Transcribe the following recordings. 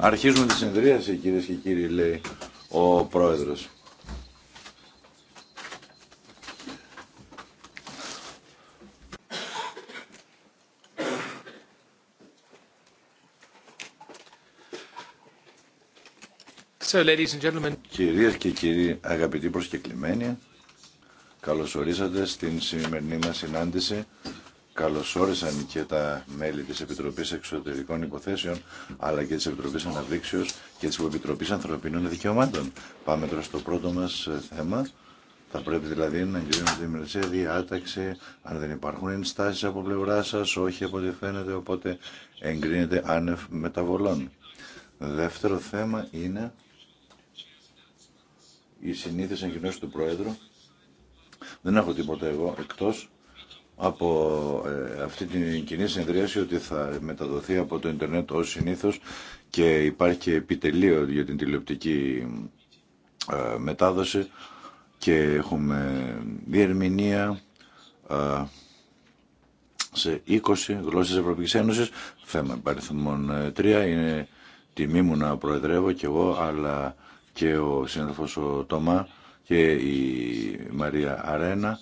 Αρχίζουμε τη συνεδρίαση, κυρίες και κύριοι, λέει ο πρόεδρος. So, ladies and gentlemen. Κυρίες και κύριοι, αγαπητοί προσκεκλημένοι, καλώς ορίσατε στην σημερινή μας συνάντηση καλωσόρισαν και τα μέλη της Επιτροπής Εξωτερικών Υποθέσεων αλλά και της Επιτροπής Αναδείξεως και της Επιτροπής Ανθρωπίνων Δικαιωμάτων. Πάμε τώρα στο πρώτο μας ε, θέμα. Θα πρέπει δηλαδή να εγκρίνουμε τη δημιουργία διάταξη, αν δεν υπάρχουν ενστάσεις από πλευρά σας, όχι από ό,τι φαίνεται, οπότε εγκρίνεται άνευ μεταβολών. Δεύτερο θέμα είναι οι συνήθειες εγκοινώσεις του Πρόεδρου. Δεν έχω τίποτα εγώ, εκτός από ε, αυτή την κοινή συνεδρίαση ότι θα μεταδοθεί από το ίντερνετ ως συνήθως και υπάρχει και επιτελείο για την τηλεοπτική ε, μετάδοση και έχουμε διερμηνία ε, σε 20 γλώσσες Ευρωπαϊκής Ένωσης. Θέμα παριθμών 3 είναι τιμή μου να προεδρεύω κι εγώ αλλά και ο συνάδελφος ο Τωμά και η Μαρία Αρένα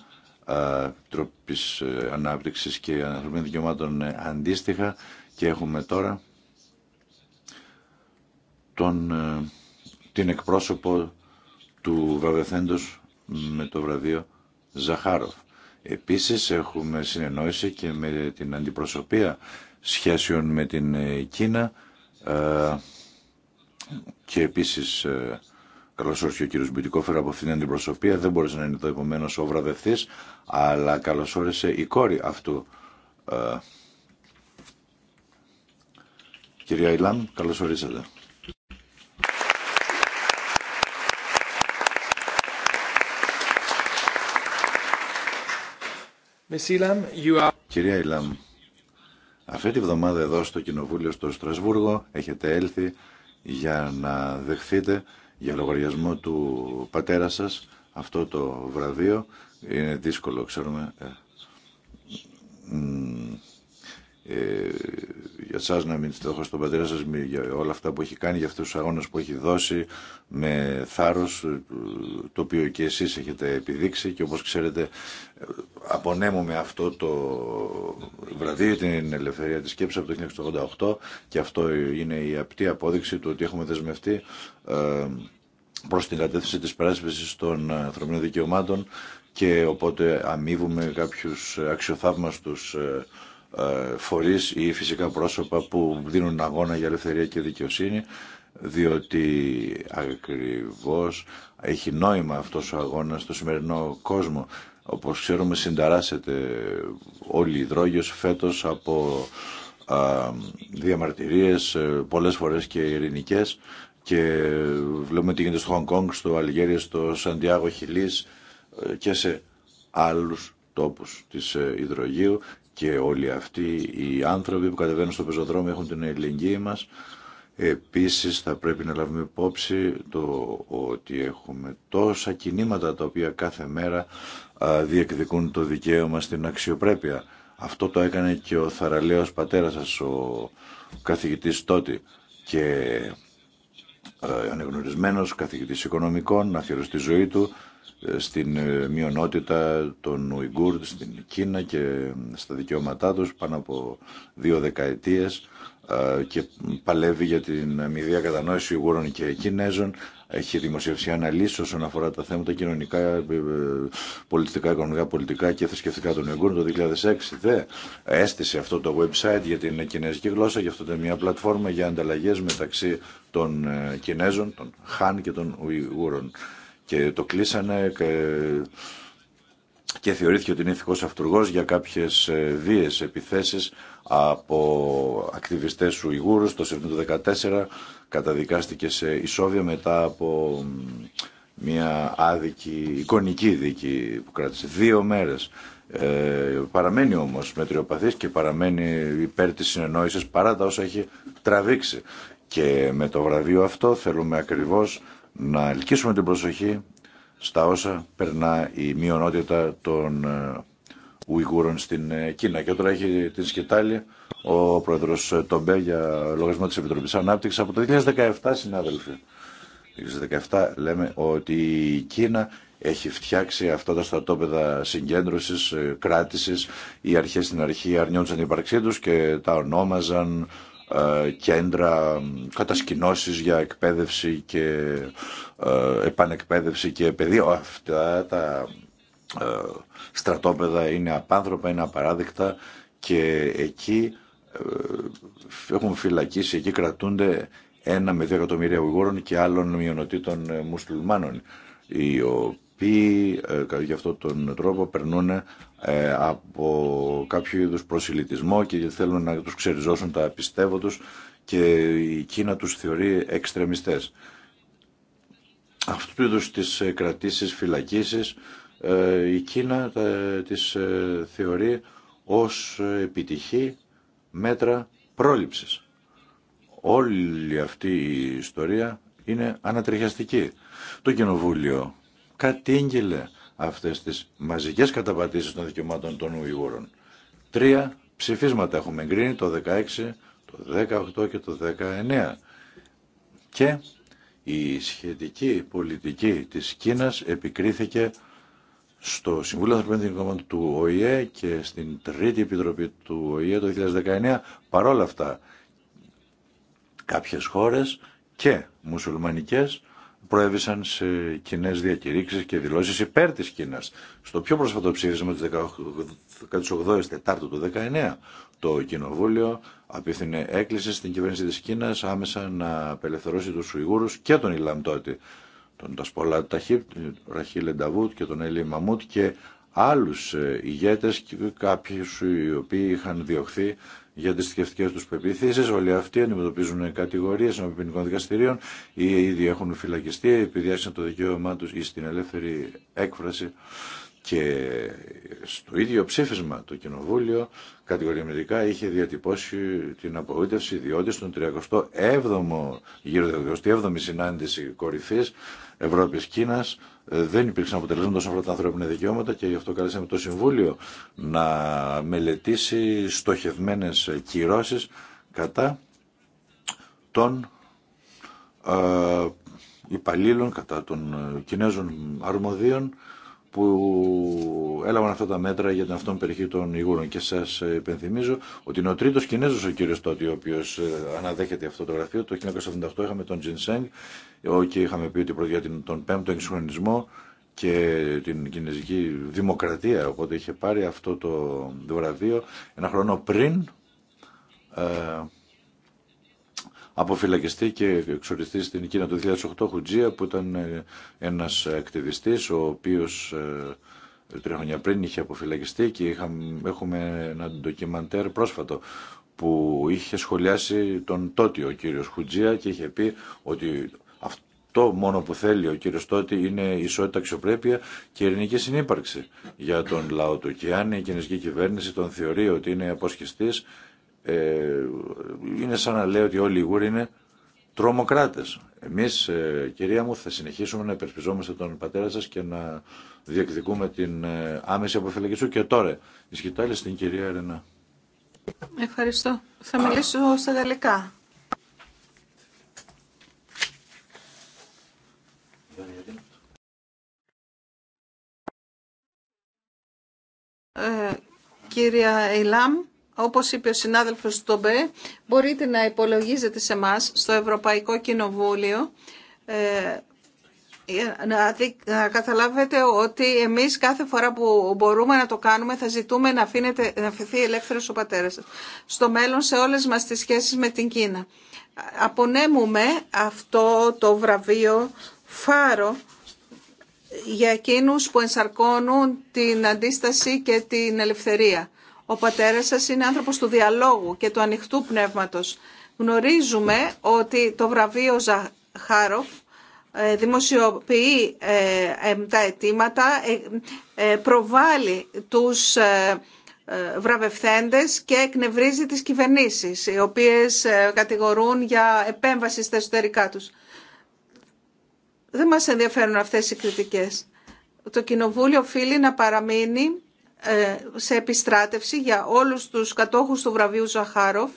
τρόπης ε, ανάπτυξης και ανθρωπίνων δικαιωμάτων ε, αντίστοιχα και έχουμε τώρα τον, ε, την εκπρόσωπο του βραβευθέντος με το βραβείο Ζαχάροφ. Επίσης έχουμε συνεννόηση και με την αντιπροσωπεία σχέσεων με την Κίνα και επίσης Καλώ όρισε ο κύριο Μπιτικόφερ από αυτήν την αντιπροσωπεία. Δεν μπορούσε να είναι το επομένω ο βραδευτή, αλλά καλώ όρισε η κόρη αυτού. Ε, κυρία Ιλάν, καλώ ορίσατε. Κυρία Ιλάμ, αυτή τη βδομάδα εδώ στο Κοινοβούλιο στο Στρασβούργο έχετε έλθει για να δεχθείτε για λογαριασμό του πατέρα σας αυτό το βραβείο. Είναι δύσκολο, ξέρουμε. Ε, ε, για εσά να μην στεδόχω στον πατέρα σα, για όλα αυτά που έχει κάνει, για αυτού του αγώνε που έχει δώσει με θάρρος ε, το οποίο και εσείς έχετε επιδείξει και όπως ξέρετε ε, απονέμουμε αυτό το βραδύ την ελευθερία της σκέψης από το 1988 και αυτό είναι η απτή απόδειξη του ότι έχουμε δεσμευτεί ε, προς την κατεύθυνση τη πράσπιση των ανθρωπίνων δικαιωμάτων και οπότε αμείβουμε κάποιους αξιοθαύμαστους ε, φορείς ή φυσικά πρόσωπα που δίνουν αγώνα για ελευθερία και δικαιοσύνη διότι ακριβώς έχει νόημα αυτός ο αγώνας στο σημερινό κόσμο. Όπως ξέρουμε συνταράσσεται όλη η δρόγιος φέτος από α, διαμαρτυρίες, ε, πολλές φορές και δικαιοσυνη διοτι ακριβως εχει νοημα αυτος ο αγωνας στο σημερινο κοσμο οπως ξερουμε συνταρασσεται όλοι οι δρογιος φετος απο α διαμαρτυριες πολλες φορες και βλέπουμε τι γίνεται στο Χονγκ Κόνγκ, στο Αλγέρια, στο Σαντιάγο Χιλής ε, και σε άλλους τόπους της υδρογείου και όλοι αυτοί οι άνθρωποι που κατεβαίνουν στο πεζοδρόμιο έχουν την ελληνική μας. Επίσης θα πρέπει να λάβουμε υπόψη το ότι έχουμε τόσα κινήματα τα οποία κάθε μέρα διεκδικούν το δικαίωμα στην αξιοπρέπεια. Αυτό το έκανε και ο θαραλέος πατέρας σας, ο καθηγητής τότε και ανεγνωρισμένος καθηγητής οικονομικών, να ζωή του στην ε, μειονότητα των Ουιγκούρ στην Κίνα και στα δικαιώματά τους πάνω από δύο δεκαετίες και παλεύει για την αμοιβία κατανόηση Ουιγούρων και Κινέζων. Έχει δημοσιεύσει αναλύσει όσον αφορά τα θέματα κοινωνικά, ε, ε, πολιτικά, οικονομικά, πολιτικά και θρησκευτικά των Ουιγούρων. Το 2006 δε έστησε αυτό το website για την κινέζικη γλώσσα και αυτό ήταν μια πλατφόρμα για ανταλλαγές μεταξύ των Κινέζων, των Χάν και των Ουιγούρων και το κλείσανε και, θεωρήθηκε ότι είναι ηθικός αυτούργος για κάποιες δίες ε, επιθέσεις από ακτιβιστές Ουιγούρους το 2014 καταδικάστηκε σε ισόβια μετά από μια άδικη, εικονική δίκη που κράτησε δύο μέρες. Ε, παραμένει όμως μετριοπαθής και παραμένει υπέρ της συνεννόησης παρά τα όσα έχει τραβήξει. Και με το βραβείο αυτό θέλουμε ακριβώς να ελκύσουμε την προσοχή στα όσα περνά η μειονότητα των ε, Ουιγούρων στην ε, Κίνα. Και τώρα έχει την σκετάλη ο πρόεδρος ε, Τομπέ για λογαριασμό της Επιτροπής Ανάπτυξης από το 2017, συνάδελφοι. Το 2017 λέμε ότι η Κίνα έχει φτιάξει αυτά τα στρατόπεδα συγκέντρωσης, κράτησης. Οι αρχές στην αρχή αρνιόντουσαν την ύπαρξή τους και τα ονόμαζαν ε, κέντρα, κατασκηνώσεις για εκπαίδευση και ε, επανεκπαίδευση και παιδί. Αυτά τα ε, στρατόπεδα είναι απάνθρωπα, είναι απαράδεκτα και εκεί έχουν φυλακίσει, εκεί κρατούνται ένα με δύο εκατομμύρια Ουγγόρων και άλλων μειονοτήτων μουσουλμάνων, οι οποίοι ε, γι' αυτόν τον τρόπο περνούν ε, από κάποιο είδους προσιλητισμό και θέλουν να τους ξεριζώσουν τα πιστεύω τους και η Κίνα τους θεωρεί εξτρεμιστές. Αυτού του είδους τις ε, κρατήσεις, φυλακίσεις, ε, η Κίνα τις θεωρεί ως επιτυχή μέτρα πρόληψης. Όλη αυτή η ιστορία είναι ανατριχιαστική. Το Κοινοβούλιο κατήγγειλε αυτές τις μαζικές καταπατήσεις των δικαιωμάτων των Ουιγούρων. Τρία ψηφίσματα έχουμε εγκρίνει, το 16, το 18 και το 19. Και η σχετική πολιτική της Κίνας επικρίθηκε στο Συμβούλιο Ανθρωπίνων Δικαιωμάτων του ΟΗΕ και στην Τρίτη Επιτροπή του ΟΗΕ το 2019. Παρόλα αυτά, κάποιες χώρες και μουσουλμανικές προέβησαν σε κοινέ διακηρύξεις και δηλώσει υπέρ της Κίνας. Στο πιο πρόσφατο ψήφισμα του 18 η Τετάρτου του 19, το Κοινοβούλιο απίθυνε έκκληση στην κυβέρνηση τη Κίνα άμεσα να απελευθερώσει του Σουηγούρους και τον Ιλαμτότη, τον Τασπολά Ταχύπ, τον Ραχίλ Ενταβούτ και τον Έλλη Μαμούτ και άλλου ε, ηγέτε, κάποιου οι οποίοι είχαν διωχθεί για τι θρησκευτικέ του πεπιθήσει. Όλοι αυτοί αντιμετωπίζουν κατηγορίε ποινικών δικαστηρίων ή ήδη έχουν φυλακιστεί επειδή άρχισαν το δικαίωμά του ή στην ελεύθερη έκφραση. Και στο ίδιο ψήφισμα το Κοινοβούλιο κατηγορηματικά είχε διατυπώσει την απογοήτευση διότι στον 37ο γύρο 37η δηλαδή, συνάντηση κορυφη Ευρώπη Κίνα. Ε, δεν υπήρξαν αποτελέσματα όσον αφορά τα ανθρώπινα δικαιώματα και γι' αυτό καλέσαμε το Συμβούλιο να μελετήσει στοχευμένες κυρώσεις κατά των ε, υπαλλήλων, κατά των Κινέζων αρμοδίων που έλαβαν αυτά τα μέτρα για την αυτόν περιοχή των Ιγούρων. Και σα υπενθυμίζω ότι είναι ο τρίτο Κινέζο ο κύριο τότε ο οποίο ε, αναδέχεται αυτό το γραφείο. Το 1978 είχαμε τον Σέγγ και είχαμε πει ότι πρόκειται τον πέμπτο εξυγχρονισμό και την Κινέζικη Δημοκρατία. Οπότε είχε πάρει αυτό το βραβείο ένα χρόνο πριν. Ε, αποφυλακιστεί και εξοριστεί στην Κίνα το 2008 Χουτζία που ήταν ε, ένας ακτιβιστής ο οποίος ε, τρία χρόνια πριν είχε αποφυλακιστεί και έχουμε ένα ντοκιμαντέρ πρόσφατο που είχε σχολιάσει τον τότε ο κύριος Χουτζία και είχε πει ότι αυτό μόνο που θέλει ο κύριος τότε είναι ισότητα, αξιοπρέπεια και ειρηνική συνύπαρξη για τον λαό του. Και αν η κοινωνική κυβέρνηση τον θεωρεί ότι είναι αποσχιστής, ε, είναι σαν να λέω ότι όλοι οι Γούροι είναι τρομοκράτες. Εμείς, ε, κυρία μου, θα συνεχίσουμε να υπερσπιζόμαστε τον πατέρα σα και να διεκδικούμε την ε, άμεση αποφυλακή σου. Και τώρα, ισχυτάλη στην κυρία Ερενά. Ευχαριστώ. Θα μιλήσω στα γαλλικά. κυρία ελάμ όπως είπε ο συνάδελφος Τομπέ, μπορείτε να υπολογίζετε σε εμά στο Ευρωπαϊκό Κοινοβούλιο ε, να καταλάβετε ότι εμείς κάθε φορά που μπορούμε να το κάνουμε θα ζητούμε να, αφήνετε, να αφαιθεί ελεύθερος ο πατέρας Στο μέλλον σε όλες μας τις σχέσεις με την Κίνα. Απονέμουμε αυτό το βραβείο φάρο για εκείνους που ενσαρκώνουν την αντίσταση και την ελευθερία ο πατέρας σας είναι άνθρωπος του διαλόγου και του ανοιχτού πνεύματος. Γνωρίζουμε ότι το βραβείο Ζαχάροφ ε, δημοσιοποιεί ε, ε, τα αιτήματα, προβάλλει τους βραβευθέντες και εκνευρίζει τις κυβερνήσεις, οι οποίες κατηγορούν για επέμβαση στα εσωτερικά τους. Δεν μας ενδιαφέρουν αυτές οι κριτικές. Το Κοινοβούλιο οφείλει να παραμείνει ε, σε επιστράτευση για όλους τους κατόχους του βραβείου Ζαχάροφ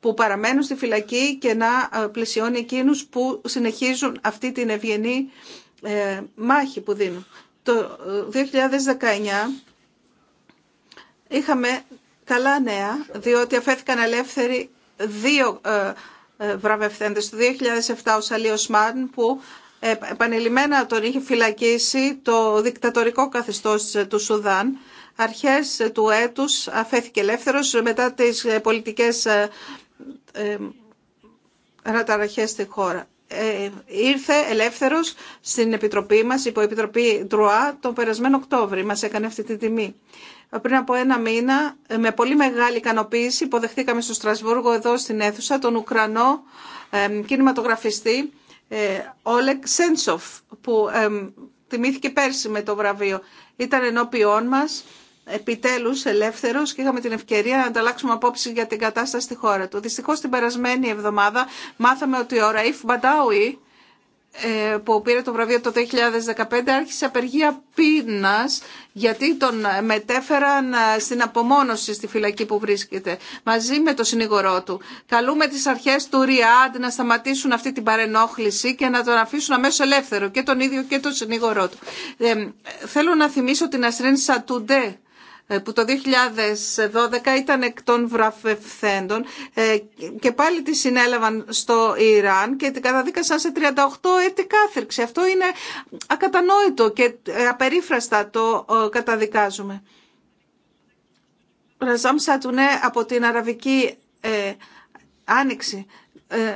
που παραμένουν στη φυλακή και να ε, πλησιώνει εκείνους που συνεχίζουν αυτή την ευγενή ε, μάχη που δίνουν. Το 2019 είχαμε καλά νέα, διότι αφέθηκαν ελεύθεροι δύο βραβευθέντες. Το 2007 ο Σαλίος Μάρν που επανειλημμένα τον είχε φυλακίσει το δικτατορικό καθεστώς του Σουδάν αρχές του έτους αφέθηκε ελεύθερος μετά τις ε, πολιτικές ε, ε, αναταραχές στη χώρα. ήρθε ελεύθερος στην Επιτροπή μας, υπό Επιτροπή Ντρουά, τον περασμένο Οκτώβριο. Μας έκανε αυτή τη τιμή. Πριν από ένα μήνα, με πολύ μεγάλη ικανοποίηση, υποδεχτήκαμε στο Στρασβούργο, εδώ στην αίθουσα, τον Ουκρανό κινηματογραφιστή ε, Όλεκ Σέντσοφ, που τιμήθηκε πέρσι με το βραβείο. Ήταν ενώπιόν μας επιτέλους ελεύθερος και είχαμε την ευκαιρία να ανταλλάξουμε απόψη για την κατάσταση στη χώρα του. Δυστυχώς την περασμένη εβδομάδα μάθαμε ότι ο Ραΐφ Μπαντάουι ε, που πήρε το βραβείο το 2015 άρχισε απεργία πείνας γιατί τον μετέφεραν ε, στην απομόνωση στη φυλακή που βρίσκεται μαζί με τον συνήγορό του. Καλούμε τις αρχές του Ριάντ να σταματήσουν αυτή την παρενόχληση και να τον αφήσουν αμέσω ελεύθερο και τον ίδιο και τον συνήγορό του. Ε, θέλω να θυμίσω την Αστρίν Σατούντε ε, που το 2012 ήταν εκ των βραφευθέντων ε, και πάλι τη συνέλαβαν στο Ιράν και την καταδίκασαν σε 38 έτη κάθερξη. Αυτό είναι ακατανόητο και ε, απερίφραστα το καταδικάζουμε. Ραζάμ Σατουνέ από την Αραβική Άνοιξη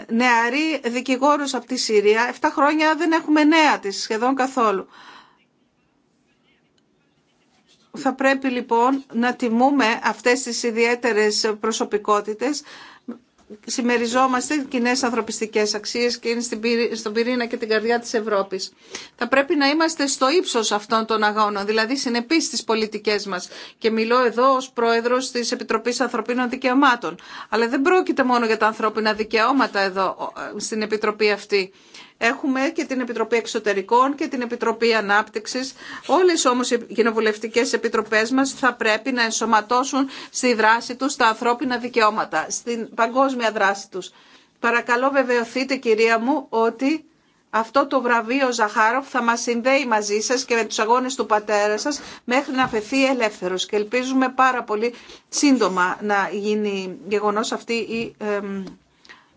νεαρή δικηγόρος από τη Συρία. 7 χρόνια δεν έχουμε νέα της σχεδόν καθόλου. Θα πρέπει λοιπόν να τιμούμε αυτές τις ιδιαίτερες προσωπικότητες. Συμμεριζόμαστε κοινέ ανθρωπιστικές αξίες και είναι στον πυρήνα και την καρδιά της Ευρώπης. Θα πρέπει να είμαστε στο ύψος αυτών των αγώνων, δηλαδή συνεπείς στις πολιτικές μας. Και μιλώ εδώ ως πρόεδρος της Επιτροπής Ανθρωπίνων Δικαιωμάτων. Αλλά δεν πρόκειται μόνο για τα ανθρώπινα δικαιώματα εδώ στην Επιτροπή αυτή. Έχουμε και την Επιτροπή Εξωτερικών και την Επιτροπή Ανάπτυξης. Όλες όμως οι κοινοβουλευτικές επιτροπές μας θα πρέπει να ενσωματώσουν στη δράση τους τα ανθρώπινα δικαιώματα, στην παγκόσμια δράση τους. Παρακαλώ βεβαιωθείτε κυρία μου ότι αυτό το βραβείο Ζαχάροφ θα μας συνδέει μαζί σας και με τους αγώνες του πατέρα σας μέχρι να φεθεί ελεύθερος και ελπίζουμε πάρα πολύ σύντομα να γίνει γεγονός αυτή η ε,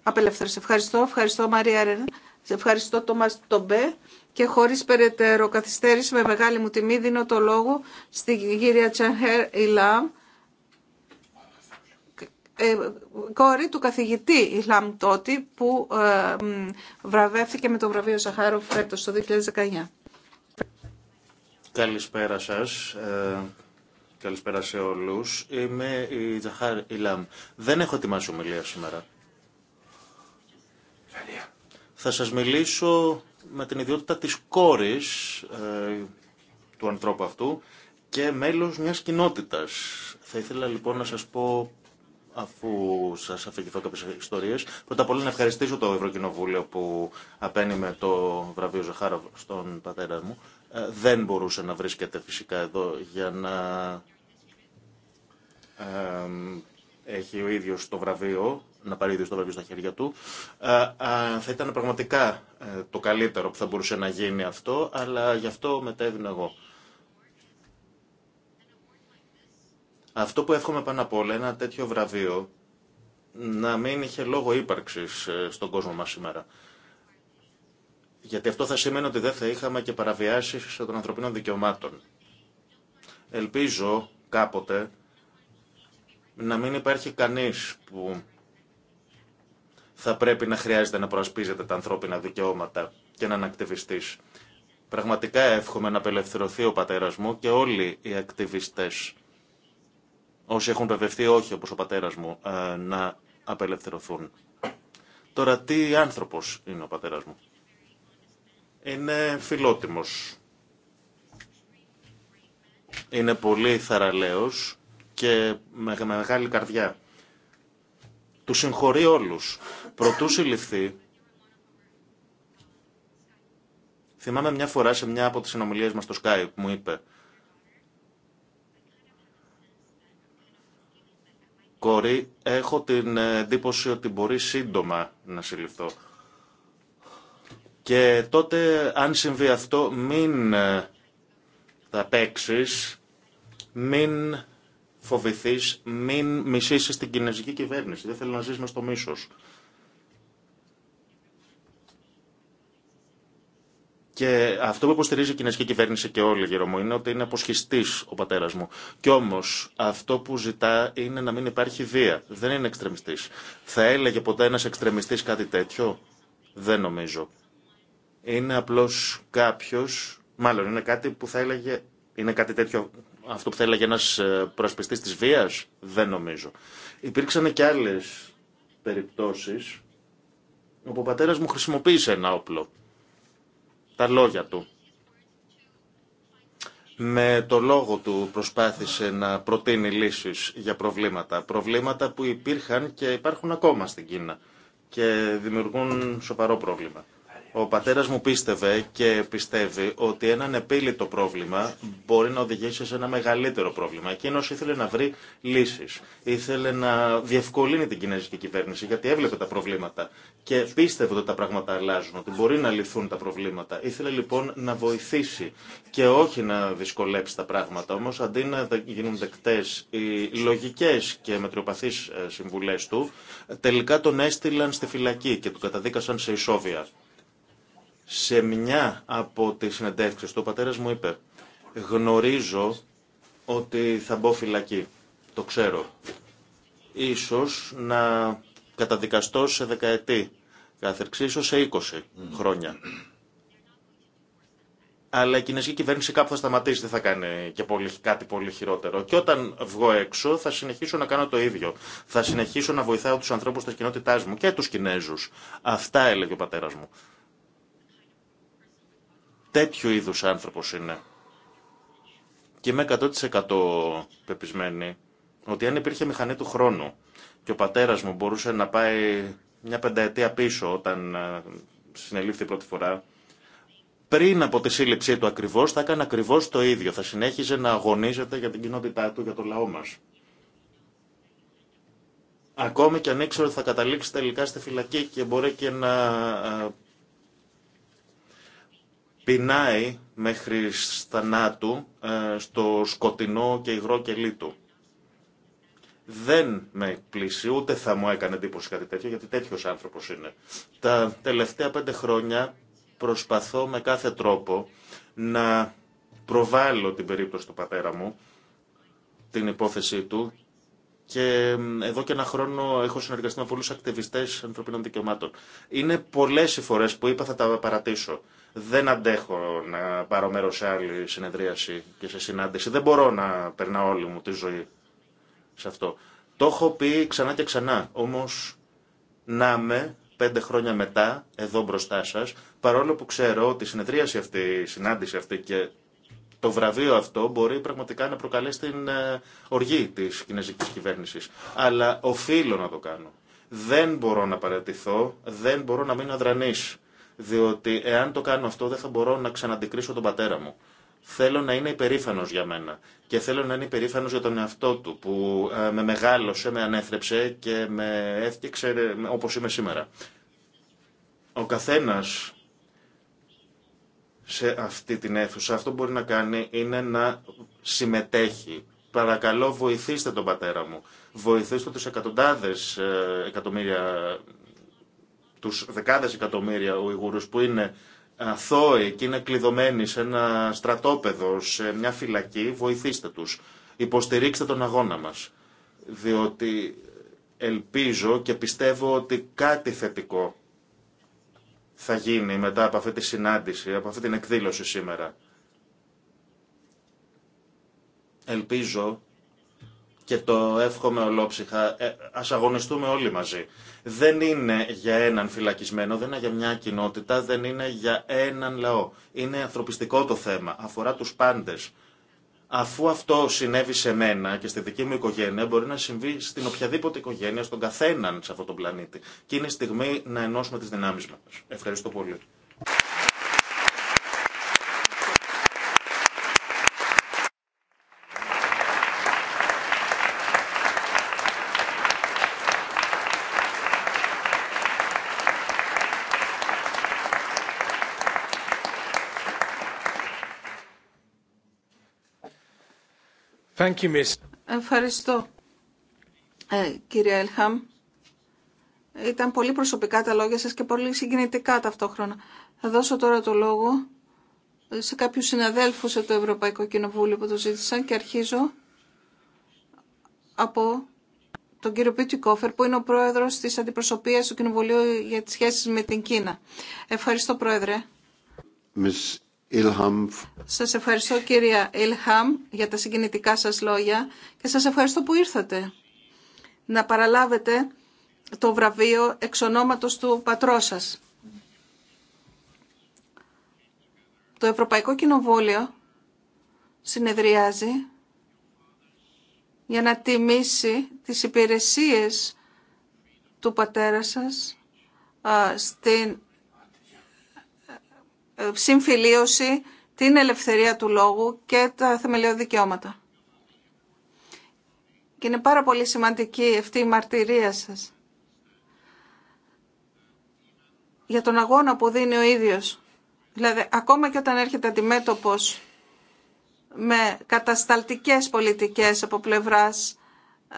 απελεύθερωση. Ευχαριστώ, ευχαριστώ Μαρία Ρένα. Σε ευχαριστώ το μας τον Μπέ και χωρίς περαιτέρω καθυστέρηση με μεγάλη μου τιμή δίνω το λόγο στην κυρία Τσανχέρ Ιλάμ ε, κόρη του καθηγητή Ιλάμ Τότη που ε, βραβεύθηκε με το βραβείο Σαχάρο φέτος το 2019. Καλησπέρα σας. Ε, καλησπέρα σε όλους. Είμαι η Ζαχάρ Ιλάμ. Δεν έχω ετοιμάσει ομιλία σήμερα. Θα σας μιλήσω με την ιδιότητα της κόρης ε, του ανθρώπου αυτού και μέλος μιας κοινότητας. Θα ήθελα λοιπόν να σας πω αφού σας αφηγηθώ κάποιες ιστορίες, Πρώτα απ' όλα να ευχαριστήσω το Ευρωκοινοβούλιο που απένιμε το βραβείο ζαχαρο στον πατέρα μου. Ε, δεν μπορούσε να βρίσκεται φυσικά εδώ για να ε, έχει ο ίδιος το βραβείο να πάρει ίδιο το βραβείο στα χέρια του. Ε, ε, θα ήταν πραγματικά ε, το καλύτερο που θα μπορούσε να γίνει αυτό, αλλά γι' αυτό μετέδινα εγώ. Αυτό που εύχομαι πάνω απ' όλα, ένα τέτοιο βραβείο, να μην είχε λόγο ύπαρξης στον κόσμο μας σήμερα. Γιατί αυτό θα σημαίνει ότι δεν θα είχαμε και παραβιάσεις των ανθρωπίνων δικαιωμάτων. Ελπίζω κάποτε να μην υπάρχει κανείς που θα πρέπει να χρειάζεται να προασπίζεται τα ανθρώπινα δικαιώματα και να ανακτιβιστεί. Πραγματικά εύχομαι να απελευθερωθεί ο πατέρα μου και όλοι οι ακτιβιστέ, όσοι έχουν βεβαιωθεί όχι όπω ο πατέρα μου, ε, να απελευθερωθούν. Τώρα, τι άνθρωπο είναι ο πατέρα μου. Είναι φιλότιμο. Είναι πολύ θαραλέος και με μεγάλη καρδιά. Του συγχωρεί όλους. Προτού συλληφθεί, θυμάμαι μια φορά σε μια από τις συνομιλίες μας στο Skype μου είπε «Κορή, έχω την εντύπωση ότι μπορεί σύντομα να συλληφθώ». Και τότε, αν συμβεί αυτό, μην ε, θα παίξει, μην φοβηθείς, μην μισήσεις την κινέζικη κυβέρνηση. Δεν θέλω να ζεις μες στο μίσος». Και αυτό που υποστηρίζει η κινέζικη κυβέρνηση και όλοι γύρω μου είναι ότι είναι αποσχιστή ο πατέρα μου. Κι όμω αυτό που ζητά είναι να μην υπάρχει βία. Δεν είναι εξτρεμιστή. Θα έλεγε ποτέ ένα εξτρεμιστή κάτι τέτοιο. Δεν νομίζω. Είναι απλώ κάποιο. Μάλλον είναι κάτι που θα έλεγε. Είναι κάτι τέτοιο αυτό που θα έλεγε ένα ε, προασπιστή τη βία. Δεν νομίζω. Υπήρξαν και άλλε περιπτώσει όπου ο πατέρα μου χρησιμοποίησε ένα όπλο τα λόγια του. Με το λόγο του προσπάθησε να προτείνει λύσεις για προβλήματα. Προβλήματα που υπήρχαν και υπάρχουν ακόμα στην Κίνα και δημιουργούν σοβαρό πρόβλημα. Ο πατέρας μου πίστευε και πιστεύει ότι έναν επίλυτο πρόβλημα μπορεί να οδηγήσει σε ένα μεγαλύτερο πρόβλημα. Εκείνος ήθελε να βρει λύσεις. Ήθελε να διευκολύνει την κινέζικη κυβέρνηση γιατί έβλεπε τα προβλήματα και πίστευε ότι τα πράγματα αλλάζουν, ότι μπορεί να λυθούν τα προβλήματα. Ήθελε λοιπόν να βοηθήσει και όχι να δυσκολέψει τα πράγματα. Όμως αντί να γίνουν δεκτές οι λογικές και μετριοπαθείς ε, συμβουλές του, τελικά τον έστειλαν στη φυλακή και τον καταδίκασαν σε ισόβια. Σε μια από τις συνεντεύξεις του, ο πατέρας μου είπε «Γνωρίζω ότι θα μπω φυλακή. Το ξέρω. Ίσως να καταδικαστώ σε δεκαετή Κάθερξη ίσως σε 20 χρόνια. Αλλά η κινέζικη κυβέρνηση κάπου θα σταματήσει, δεν θα κάνει και πολύ, κάτι πολύ χειρότερο. Και όταν βγω έξω, θα συνεχίσω να κάνω το ίδιο. Θα συνεχίσω να βοηθάω του ανθρώπου τη κοινότητά μου και του Κινέζου. Αυτά έλεγε ο πατέρα μου. Τέτοιου είδου άνθρωπο είναι. Και είμαι 100% πεπισμένη ότι αν υπήρχε μηχανή του χρόνου και ο πατέρα μου μπορούσε να πάει μια πενταετία πίσω όταν ε, συνελήφθη πρώτη φορά, πριν από τη σύλληψή του ακριβώς θα έκανε ακριβώς το ίδιο. Θα συνέχιζε να αγωνίζεται για την κοινότητά του, για το λαό μας. Ακόμη και αν ήξερε ότι θα καταλήξει τελικά στη φυλακή και μπορεί και να ε, πεινάει μέχρι θανάτου ε, στο σκοτεινό και υγρό κελί του δεν με εκπλήσει, ούτε θα μου έκανε εντύπωση κάτι τέτοιο, γιατί τέτοιο άνθρωπος είναι. Τα τελευταία πέντε χρόνια προσπαθώ με κάθε τρόπο να προβάλλω την περίπτωση του πατέρα μου, την υπόθεσή του και εδώ και ένα χρόνο έχω συνεργαστεί με πολλού ακτιβιστέ ανθρωπίνων δικαιωμάτων. Είναι πολλέ οι φορέ που είπα θα τα παρατήσω. Δεν αντέχω να πάρω μέρο σε άλλη συνεδρίαση και σε συνάντηση. Δεν μπορώ να περνάω όλη μου τη ζωή σε αυτό. Το έχω πει ξανά και ξανά, όμως να είμαι πέντε χρόνια μετά, εδώ μπροστά σας, παρόλο που ξέρω ότι η συνεδρίαση αυτή, η συνάντηση αυτή και το βραβείο αυτό μπορεί πραγματικά να προκαλέσει την ε, οργή της κινέζικης κυβέρνησης. Αλλά οφείλω να το κάνω. Δεν μπορώ να παρατηθώ, δεν μπορώ να μείνω αδρανής. Διότι εάν το κάνω αυτό δεν θα μπορώ να ξαναντικρίσω τον πατέρα μου. Θέλω να είναι υπερήφανο για μένα και θέλω να είναι υπερήφανο για τον εαυτό του που ε, με μεγάλωσε, με ανέθρεψε και με έφτιαξε ε, όπω είμαι σήμερα. Ο καθένα σε αυτή την αίθουσα αυτό που μπορεί να κάνει είναι να συμμετέχει. Παρακαλώ βοηθήστε τον πατέρα μου. Βοηθήστε τους εκατοντάδες ε, εκατομμύρια, τους δεκάδες εκατομμύρια Ουιγούρους που είναι αθώοι και είναι κλειδωμένοι σε ένα στρατόπεδο, σε μια φυλακή, βοηθήστε τους. Υποστηρίξτε τον αγώνα μας. Διότι ελπίζω και πιστεύω ότι κάτι θετικό θα γίνει μετά από αυτή τη συνάντηση, από αυτή την εκδήλωση σήμερα. Ελπίζω και το εύχομαι ολόψυχα, ε, ας αγωνιστούμε όλοι μαζί. Δεν είναι για έναν φυλακισμένο, δεν είναι για μια κοινότητα, δεν είναι για έναν λαό. Είναι ανθρωπιστικό το θέμα, αφορά τους πάντες. Αφού αυτό συνέβη σε μένα και στη δική μου οικογένεια, μπορεί να συμβεί στην οποιαδήποτε οικογένεια, στον καθέναν σε αυτόν τον πλανήτη. Και είναι στιγμή να ενώσουμε τις δυνάμεις μας. Ευχαριστώ πολύ. Ευχαριστώ, ε, κύριε Ελχάμ. Ήταν πολύ προσωπικά τα λόγια σας και πολύ συγκινητικά ταυτόχρονα. Θα δώσω τώρα το λόγο ε, σε κάποιους συναδέλφους από το Ευρωπαϊκό Κοινοβούλιο που το ζήτησαν και αρχίζω από τον κύριο Πίτσι Κόφερ που είναι ο πρόεδρος της Αντιπροσωπείας του Κοινοβουλίου για τις σχέσεις με την Κίνα. Ευχαριστώ πρόεδρε. Ilham. Σας ευχαριστώ κυρία Ilham για τα συγκινητικά σας λόγια και σας ευχαριστώ που ήρθατε να παραλάβετε το βραβείο εξ του πατρός σας. Το Ευρωπαϊκό Κοινοβούλιο συνεδριάζει για να τιμήσει τις υπηρεσίες του πατέρα σας στην ε, συμφιλίωση, την ελευθερία του λόγου και τα θεμελιώδη δικαιώματα. Και είναι πάρα πολύ σημαντική αυτή η μαρτυρία σας για τον αγώνα που δίνει ο ίδιος. Δηλαδή, ακόμα και όταν έρχεται αντιμέτωπος με κατασταλτικές πολιτικές από πλευράς ε,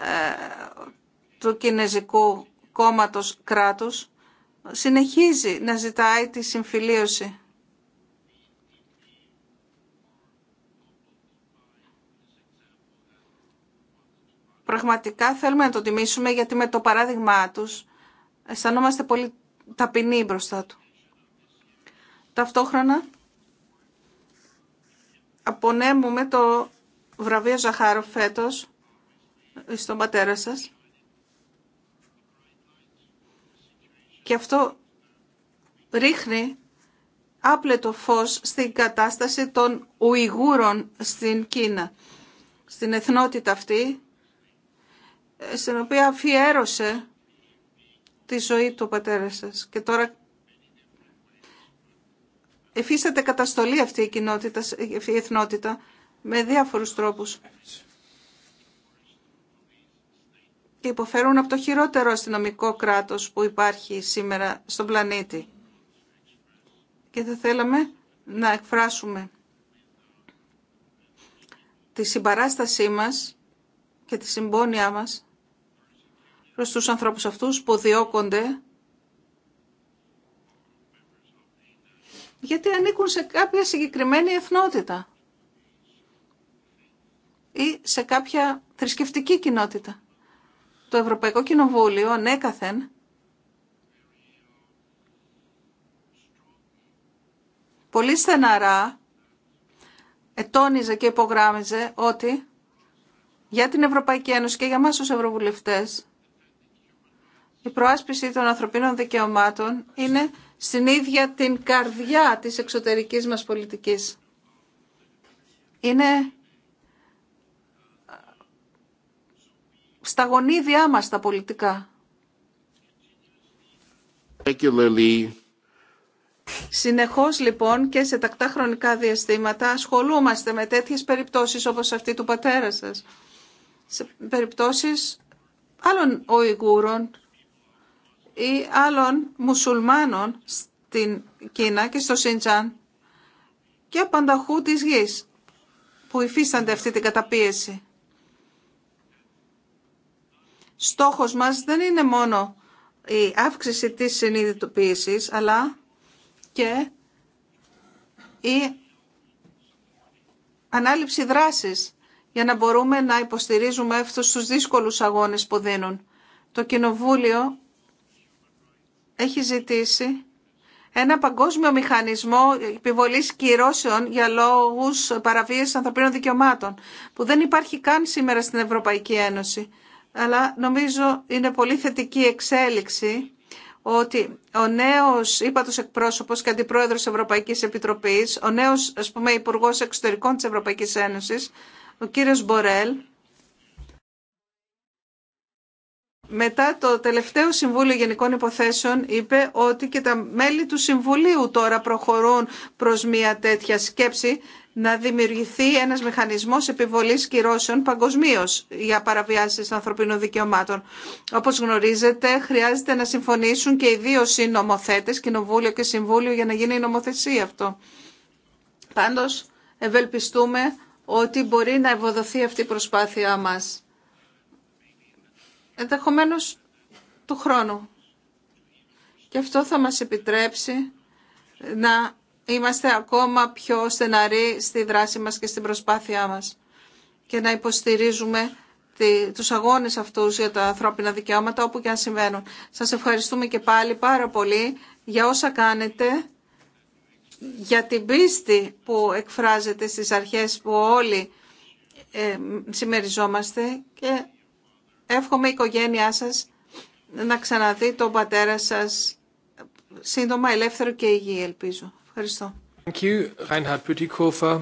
του Κινέζικου κόμματος κράτους, συνεχίζει να ζητάει τη συμφιλίωση Πραγματικά θέλουμε να το τιμήσουμε γιατί με το παράδειγμά τους αισθανόμαστε πολύ ταπεινοί μπροστά του. Ταυτόχρονα απονέμουμε το βραβείο Ζαχάρο φέτος ε, στον πατέρα σας. Και αυτό ρίχνει άπλετο φως στην κατάσταση των Ουιγούρων στην Κίνα. Στην εθνότητα αυτή στην οποία αφιέρωσε τη ζωή του πατέρα σα. σας. Και τώρα εφίσταται καταστολή αυτή η, κοινότητα, η εθνότητα με διάφορους τρόπους. Και υποφέρουν από το χειρότερο αστυνομικό κράτος που υπάρχει σήμερα στον πλανήτη. Και θα θέλαμε να εκφράσουμε τη συμπαράστασή μας και τη συμπόνια μας προς τους ανθρώπους αυτούς που διώκονται γιατί ανήκουν σε κάποια συγκεκριμένη εθνότητα ή σε κάποια θρησκευτική κοινότητα. Το Ευρωπαϊκό Κοινοβούλιο ανέκαθεν πολύ στεναρά ετώνιζε και υπογράμμιζε ότι για την Ευρωπαϊκή Ένωση και για μας τους Ευρωβουλευτές η προάσπιση των ανθρωπίνων δικαιωμάτων είναι στην ίδια την καρδιά της εξωτερικής μας πολιτικής. Είναι στα γονίδια μας τα πολιτικά. Συνεχώς λοιπόν και σε τακτά χρονικά διαστήματα ασχολούμαστε με τέτοιες περιπτώσεις όπως αυτή του πατέρα σας. Σε περιπτώσεις άλλων ουγγούρων ή άλλων μουσουλμάνων στην Κίνα και στο Σιντζάν και πανταχού της γης που υφίστανται αυτή την καταπίεση. Στόχος μας δεν είναι μόνο η αύξηση της συνειδητοποίησης, αλλά και η ανάληψη δράσης για να μπορούμε να υποστηρίζουμε αυτούς τους δύσκολους αγώνες που δίνουν. Το Κοινοβούλιο έχει ζητήσει ένα παγκόσμιο μηχανισμό επιβολής κυρώσεων για λόγους παραβίασης ανθρωπίνων δικαιωμάτων, που δεν υπάρχει καν σήμερα στην Ευρωπαϊκή Ένωση. Αλλά νομίζω είναι πολύ θετική εξέλιξη ότι ο νέος ύπατος εκπρόσωπος και αντιπρόεδρος Ευρωπαϊκής Επιτροπής, ο νέος ας πούμε, Υπουργός Εξωτερικών της Ευρωπαϊκής Ένωσης, ο κύριος Μπορέλ, μετά το τελευταίο Συμβούλιο Γενικών Υποθέσεων είπε ότι και τα μέλη του Συμβουλίου τώρα προχωρούν προς μια τέτοια σκέψη να δημιουργηθεί ένας μηχανισμός επιβολής κυρώσεων παγκοσμίω για παραβιάσεις ανθρωπίνων δικαιωμάτων. Όπως γνωρίζετε, χρειάζεται να συμφωνήσουν και οι δύο συνομοθέτες, Κοινοβούλιο και Συμβούλιο, για να γίνει η νομοθεσία αυτό. Πάντως, ευελπιστούμε ότι μπορεί να ευοδοθεί αυτή η προσπάθειά μας ενδεχομένως του χρόνου. Και αυτό θα μας επιτρέψει να είμαστε ακόμα πιο στεναροί στη δράση μας και στην προσπάθειά μας και να υποστηρίζουμε τους αγώνες αυτούς για τα ανθρώπινα δικαιώματα όπου και αν συμβαίνουν. Σας ευχαριστούμε και πάλι πάρα πολύ για όσα κάνετε, για την πίστη που εκφράζετε στις αρχές που όλοι ε, συμμεριζόμαστε και Εύχομαι η οικογένειά σας να ξαναδεί τον πατέρα σας σύντομα ελεύθερο και υγιή, ελπίζω. Ευχαριστώ. Thank you, Reinhard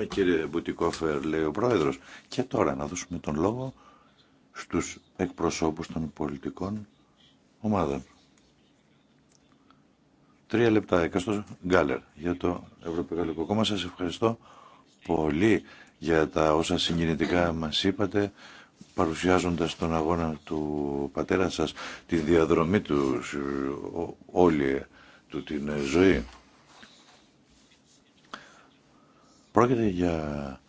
ε, Κύριε Μπουτικόφερ, λέει ο Πρόεδρος. Και τώρα να δώσουμε τον λόγο στους εκπροσώπους των πολιτικών ομάδων. Τρία λεπτά, έκαστος Γκάλερ, για το Ευρωπαϊκό Κόμμα. Σας ευχαριστώ πολύ για τα όσα συγκινητικά μας είπατε παρουσιάζοντας τον αγώνα του πατέρα σας, τη διαδρομή του ε, όλη ε, του την ε, ζωή. Πρόκειται για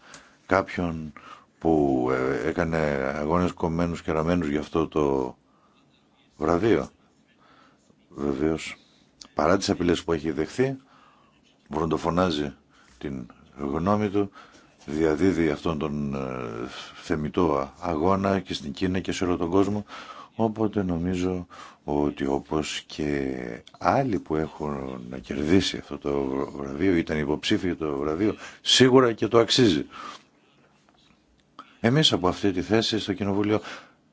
κάποιον που έκανε αγώνες κομμένους και ραμμένους για αυτό το βραβείο. Βεβαίως, παρά τις απειλές που έχει δεχθεί, βροντοφωνάζει την γνώμη του διαδίδει αυτόν τον ε, θεμητό αγώνα και στην Κίνα και σε όλο τον κόσμο. Οπότε νομίζω ότι όπως και άλλοι που έχουν να κερδίσει αυτό το βραβείο, ήταν για το βραβείο, σίγουρα και το αξίζει. Εμείς από αυτή τη θέση στο Κοινοβούλιο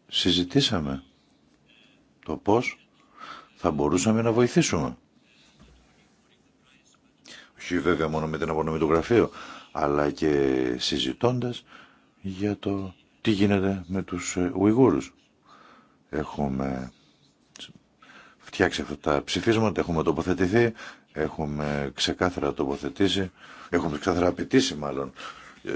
συζητήσαμε το πώς θα μπορούσαμε να βοηθήσουμε. Όχι βέβαια μόνο με την απονομή του γραφείου, αλλά και συζητώντας για το τι γίνεται με τους ε, Ουιγούρους. Έχουμε φτιάξει αυτά τα ψηφίσματα, έχουμε τοποθετηθεί, έχουμε ξεκάθαρα τοποθετήσει, έχουμε ξεκάθαρα απαιτήσει μάλλον ε,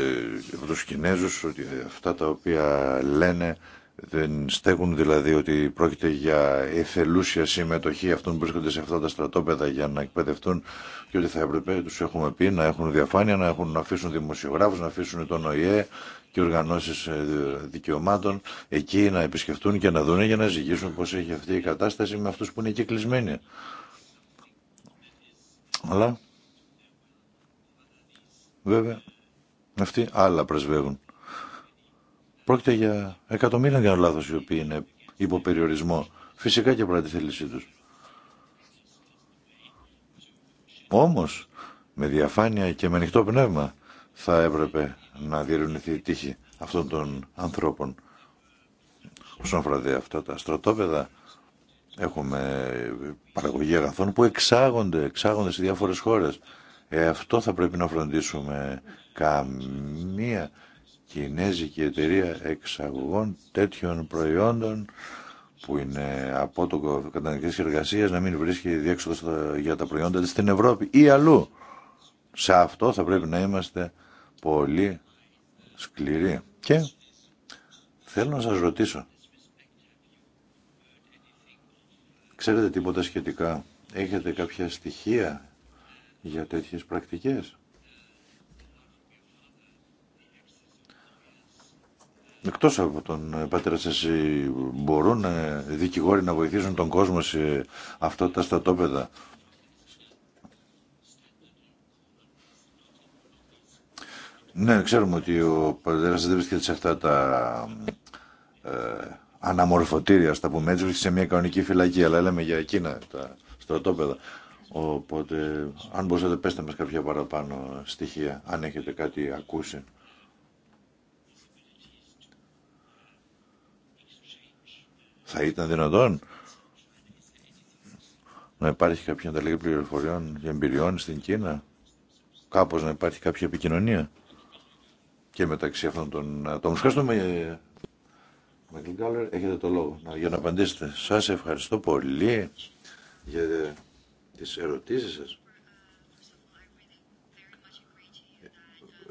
από τους Κινέζους ότι αυτά τα οποία λένε δεν στέγουν δηλαδή ότι πρόκειται για εθελούσια συμμετοχή αυτών που βρίσκονται σε αυτά τα στρατόπεδα για να εκπαιδευτούν και ότι θα έπρεπε, του έχουμε πει, να έχουν διαφάνεια, να, έχουν, να αφήσουν δημοσιογράφου, να αφήσουν τον ΟΗΕ και οργανώσει ε, δικαιωμάτων εκεί να επισκεφτούν και να δουν για να ζυγίσουν πώ έχει αυτή η κατάσταση με αυτού που είναι εκεί κλεισμένοι. Αλλά βέβαια αυτοί άλλα πρεσβεύουν. Πρόκειται για εκατομμύρια, για κάνω οι οποίοι είναι υποπεριορισμό. Φυσικά και πρέπει τη θέλησή του. Όμως, με διαφάνεια και με ανοιχτό πνεύμα θα έπρεπε να διερευνηθεί η τύχη αυτών των ανθρώπων. Όσον αφορά αυτά τα στρατόπεδα, έχουμε παραγωγή αγαθών που εξάγονται, εξάγονται σε διάφορες χώρες. Ε, αυτό θα πρέπει να φροντίσουμε. Καμία κινέζικη εταιρεία εξαγωγών τέτοιων προϊόντων που είναι από το καταναλωτική εργασία να μην βρίσκει διέξοδο για τα προϊόντα της στην Ευρώπη ή αλλού. Σε αυτό θα πρέπει να είμαστε πολύ σκληροί. Και θέλω να σας ρωτήσω. Ξέρετε τίποτα σχετικά. Έχετε κάποια στοιχεία για τέτοιες πρακτικές. Εκτό από τον ε, πατέρα σας ε, μπορούν οι ε, δικηγόροι να βοηθήσουν τον κόσμο σε αυτά τα στρατόπεδα. Ναι, ξέρουμε ότι ο πατέρας δεν βρίσκεται σε αυτά τα ε, αναμορφωτήρια, στα πούμε έτσι, σε μια κανονική φυλακή, αλλά λέμε για εκείνα τα στρατόπεδα. Οπότε, αν μπορούσατε, πέστε μας κάποια παραπάνω στοιχεία, αν έχετε κάτι ακούσει. Θα ήταν δυνατόν να υπάρχει κάποια ανταλλαγή πληροφοριών και εμπειριών στην Κίνα, κάπως να υπάρχει κάποια επικοινωνία και μεταξύ αυτών των ατόμων. Ευχαριστώ με... έχετε το λόγο για να απαντήσετε. Σας ευχαριστώ πολύ για τις ερωτήσεις σας.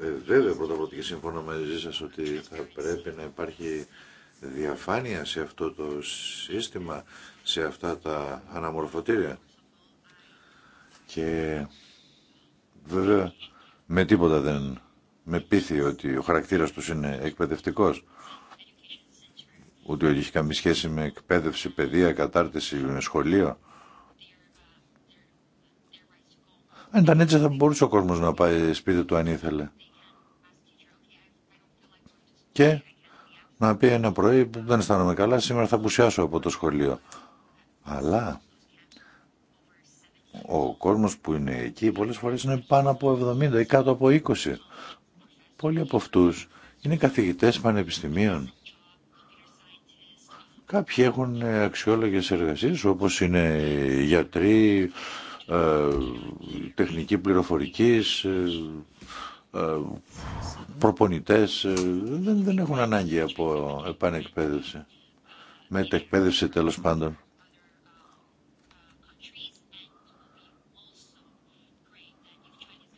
Ε, βέβαια, πρώτα απ' όλα και συμφωνώ μαζί σας ότι θα πρέπει να υπάρχει διαφάνεια σε αυτό το σύστημα, σε αυτά τα αναμορφωτήρια. Και βέβαια με τίποτα δεν με πείθει ότι ο χαρακτήρας τους είναι εκπαιδευτικός. Ούτε έχει καμία σχέση με εκπαίδευση, παιδεία, κατάρτιση, με σχολείο. Αν ήταν έτσι θα μπορούσε ο κόσμος να πάει σπίτι του αν ήθελε. Και να πει ένα πρωί που δεν αισθάνομαι καλά, σήμερα θα πουσιάσω από το σχολείο. Αλλά ο κόσμος που είναι εκεί πολλές φορές είναι πάνω από 70 ή κάτω από 20. Πολλοί από αυτούς είναι καθηγητές πανεπιστημίων. Κάποιοι έχουν αξιόλογες εργασίες όπως είναι γιατροί, ε, τεχνικοί πληροφορικής, ε, ε, προπονητές ε, δεν, δεν έχουν ανάγκη από επανεκπαίδευση. Μετεκπαίδευση τέλος πάντων.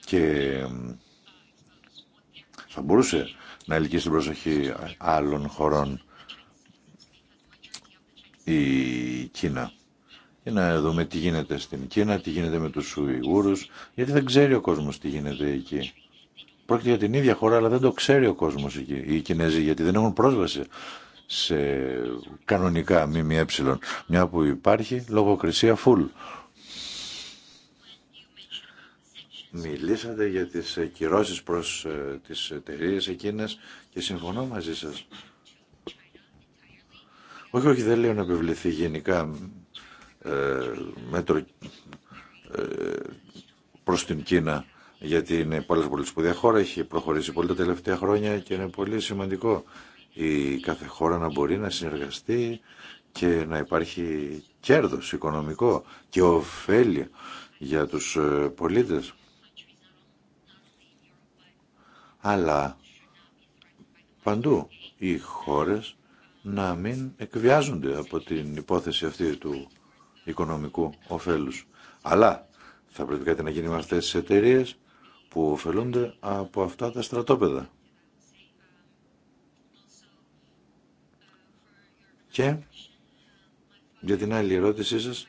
Και ε, θα μπορούσε να ελκύσει την προσοχή άλλων χωρών η Κίνα. Για να δούμε τι γίνεται στην Κίνα, τι γίνεται με τους Ουιγούρους, γιατί δεν ξέρει ο κόσμος τι γίνεται εκεί. Πρόκειται για την ίδια χώρα, αλλά δεν το ξέρει ο κόσμος εκεί, οι Κινέζοι, γιατί δεν έχουν πρόσβαση σε κανονικά ΜΜΕ, μια που υπάρχει λογοκρισία full. Μιλήσατε για τις κυρώσεις προς ε, τις εταιρείε εκείνες και συμφωνώ μαζί σας. Όχι, όχι, δεν λέω να επιβληθεί γενικά ε, μέτρο ε, προς την Κίνα γιατί είναι πάρα πολύ σπουδαία χώρα, έχει προχωρήσει πολύ τα τελευταία χρόνια και είναι πολύ σημαντικό η κάθε χώρα να μπορεί να συνεργαστεί και να υπάρχει κέρδος οικονομικό και ωφέλεια για τους ε, πολίτες. Αλλά παντού οι χώρες να μην εκβιάζονται από την υπόθεση αυτή του οικονομικού ωφέλους. Αλλά θα πρέπει κάτι να γίνει με αυτές τις εταιρείες που ωφελούνται από αυτά τα στρατόπεδα. Και για την άλλη ερώτησή σας,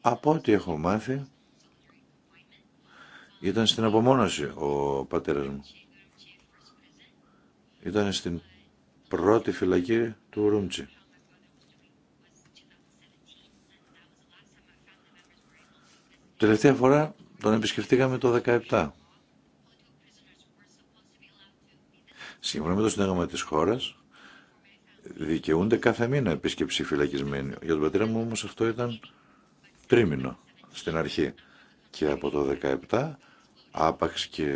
από ό,τι έχω μάθει, ήταν στην απομόνωση ο πατέρας μου. Ήταν στην πρώτη φυλακή του Ρούμτσι. Τελευταία φορά τον επισκεφτήκαμε το 17. Σύμφωνα με το συνέγμα της χώρας, δικαιούνται κάθε μήνα επίσκεψη φυλακισμένη. Για τον πατέρα μου όμως αυτό ήταν τρίμηνο στην αρχή. Και από το 17 άπαξ και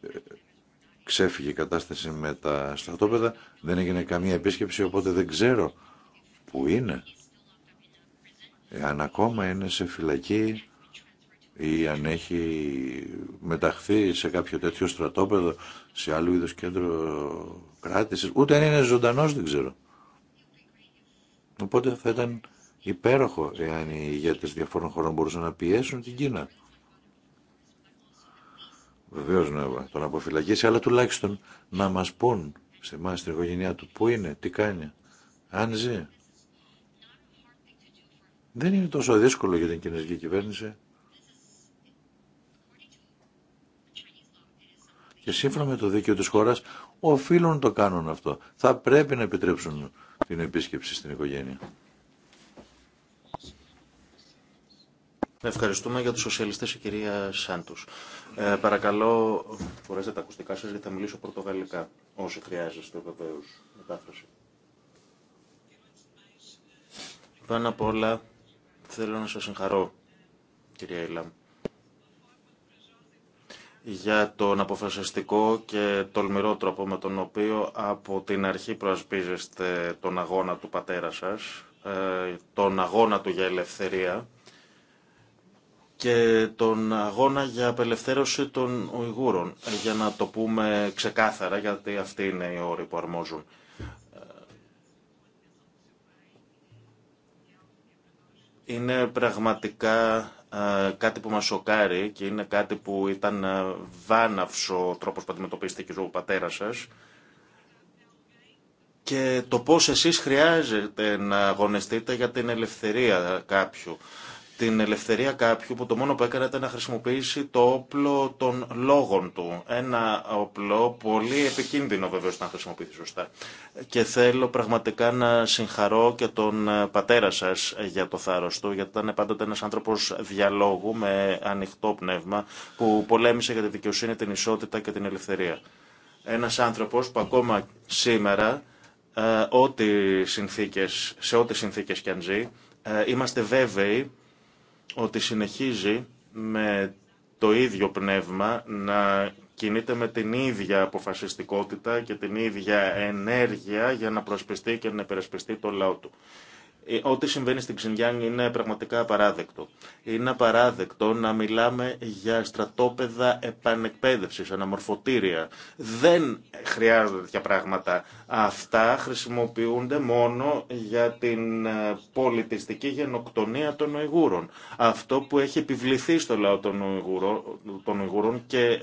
ε, ξέφυγε η κατάσταση με τα στρατόπεδα, δεν έγινε καμία επίσκεψη, οπότε δεν ξέρω που είναι. Αν ακόμα είναι σε φυλακή ή αν έχει μεταχθεί σε κάποιο τέτοιο στρατόπεδο, σε άλλο είδους κέντρο κράτησης, ούτε αν είναι ζωντανός δεν ξέρω. Οπότε θα ήταν υπέροχο εάν οι ηγέτες διαφόρων χωρών μπορούσαν να πιέσουν την Κίνα. Βεβαίω να τον αποφυλακίσει, αλλά τουλάχιστον να μας πούν σε εμά στην οικογένειά του πού είναι, τι κάνει, αν ζει. Δεν είναι τόσο δύσκολο για την κινέζικη κυβέρνηση και σύμφωνα με το δίκαιο της χώρας οφείλουν να το κάνουν αυτό. Θα πρέπει να επιτρέψουν την επίσκεψη στην οικογένεια. Ευχαριστούμε για τους σοσιαλιστές η κυρία Σάντους. Ε, παρακαλώ, φορέστε τα ακουστικά σας γιατί θα μιλήσω πορτογαλικά, όσοι χρειάζεστε βεβαίω μετάφραση. Πάνω απ' όλα θέλω να σας συγχαρώ, κυρία Ιλάμ για τον αποφασιστικό και τολμηρό τρόπο με τον οποίο από την αρχή προασπίζεστε τον αγώνα του πατέρα σας, ε, τον αγώνα του για ελευθερία και τον αγώνα για απελευθέρωση των Ουιγούρων, ε, για να το πούμε ξεκάθαρα, γιατί αυτοί είναι οι όροι που αρμόζουν. Ε, είναι πραγματικά ε, κάτι που μας σοκάρει και είναι κάτι που ήταν ε, βάναυσο ο τρόπος που αντιμετωπίστηκε ο πατέρα σας και το πώς εσείς χρειάζεται να αγωνιστείτε για την ελευθερία κάποιου την ελευθερία κάποιου που το μόνο που έκανε ήταν να χρησιμοποιήσει το όπλο των λόγων του. Ένα όπλο πολύ επικίνδυνο βεβαίω να χρησιμοποιηθεί σωστά. Και θέλω πραγματικά να συγχαρώ και τον ε, πατέρα σα ε, για το θάρρο του, γιατί ήταν πάντοτε ένα άνθρωπο διαλόγου με ανοιχτό πνεύμα που πολέμησε για τη δικαιοσύνη, την ισότητα και την ελευθερία. Ένα άνθρωπο που ακόμα σήμερα, ε, ό,τι σε ό,τι συνθήκε και αν ζει, είμαστε βέβαιοι ότι συνεχίζει με το ίδιο πνεύμα να κινείται με την ίδια αποφασιστικότητα και την ίδια ενέργεια για να προσπιστεί και να υπερασπιστεί το λαό του. Ε, ό,τι συμβαίνει στην Ξινγιάνγκ είναι πραγματικά απαράδεκτο. Είναι απαράδεκτο να μιλάμε για στρατόπεδα επανεκπαίδευση, αναμορφωτήρια. Δεν χρειάζονται τέτοια πράγματα. Αυτά χρησιμοποιούνται μόνο για την ε, πολιτιστική γενοκτονία των οιγούρων. Αυτό που έχει επιβληθεί στο λαό των οιγούρων και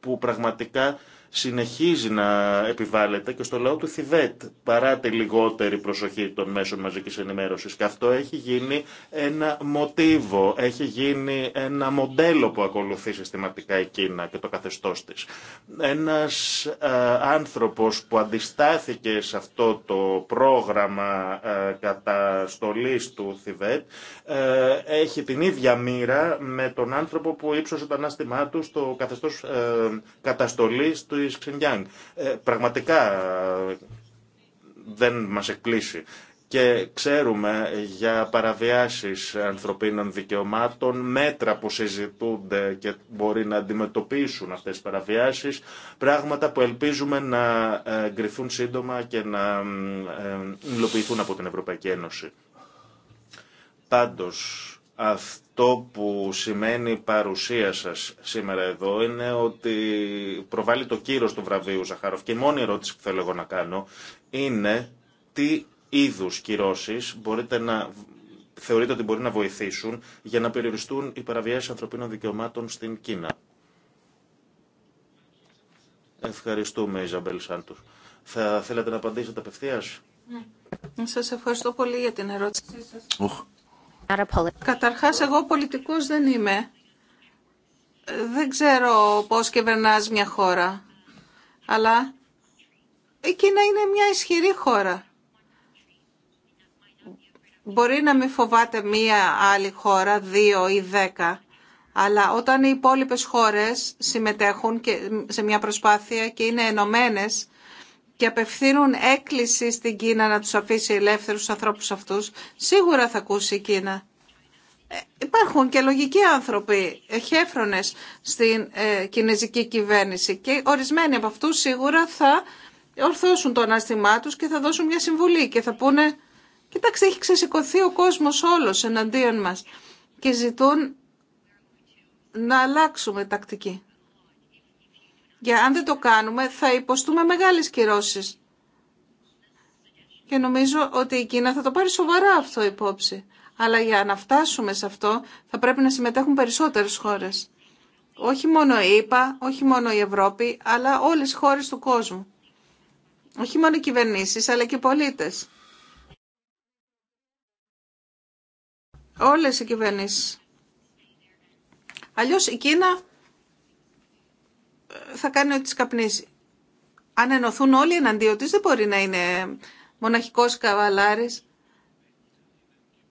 που πραγματικά συνεχίζει να επιβάλλεται και στο λαό του Θιβέτ παρά τη λιγότερη προσοχή των μέσων μαζικής ενημέρωσης. Και αυτό έχει γίνει ένα μοτίβο, έχει γίνει ένα μοντέλο που ακολουθεί συστηματικά η Κίνα και το καθεστώς της. Ένας άνθρωπος που αντιστάθηκε σε αυτό το πρόγραμμα καταστολής του Θιβέτ ε, έχει την ίδια μοίρα με τον άνθρωπο που ύψωσε το ανάστημά του στο καθεστώς ε, καταστολής του Ε, Πραγματικά δεν μας εκπλήσει και ξέρουμε για παραβιάσεις ανθρωπίνων δικαιωμάτων, μέτρα που συζητούνται και μπορεί να αντιμετωπίσουν αυτές τις παραβιάσεις, πράγματα που ελπίζουμε να ε, εγκριθούν σύντομα και να υλοποιηθούν από την Ευρωπαϊκή Ένωση. Πάντως, αυτό που σημαίνει η παρουσία σας σήμερα εδώ είναι ότι προβάλλει το κύρος του βραβείου Ζαχάροφ και η μόνη ερώτηση που θέλω εγώ να κάνω είναι τι είδους κυρώσεις μπορείτε να θεωρείτε ότι μπορεί να βοηθήσουν για να περιοριστούν οι παραβιάσεις ανθρωπίνων δικαιωμάτων στην Κίνα. Ευχαριστούμε, Ιζαμπέλ Σάντου. Θα θέλατε να απαντήσετε απευθεία. Ναι. Σας ευχαριστώ πολύ για την ερώτησή σας. Οχ. Καταρχάς, εγώ πολιτικός δεν είμαι. Δεν ξέρω πώς κυβερνάς μια χώρα. Αλλά η Κίνα είναι μια ισχυρή χώρα. Μπορεί να μην φοβάται μία άλλη χώρα, δύο ή δέκα, αλλά όταν οι υπόλοιπες χώρες συμμετέχουν και σε μια προσπάθεια και είναι ενωμένες και απευθύνουν έκκληση στην Κίνα να τους αφήσει ελεύθερους ανθρώπους αυτούς, σίγουρα θα ακούσει η Κίνα. Ε, υπάρχουν και λογικοί άνθρωποι, χέφρονες στην ε, κινέζικη κυβέρνηση και ορισμένοι από αυτούς σίγουρα θα ορθώσουν το ανάστημά τους και θα δώσουν μια συμβουλή και θα πούνε «Κοιτάξτε, έχει ξεσηκωθεί ο κόσμος όλος εναντίον μας» και ζητούν να αλλάξουμε τακτική. Για αν δεν το κάνουμε θα υποστούμε μεγάλες κυρώσεις. Και νομίζω ότι η Κίνα θα το πάρει σοβαρά αυτό υπόψη. Αλλά για να φτάσουμε σε αυτό θα πρέπει να συμμετέχουν περισσότερες χώρες. Όχι μόνο η ΕΠΑ, όχι μόνο η Ευρώπη, αλλά όλες οι χώρες του κόσμου. Όχι μόνο οι κυβερνήσεις, αλλά και οι πολίτες. Όλες οι κυβερνήσεις. Αλλιώς η Κίνα θα κάνει ό,τι καπνίζει. Αν ενωθούν όλοι εναντίον της, δεν μπορεί να είναι μοναχικός καβαλάρης.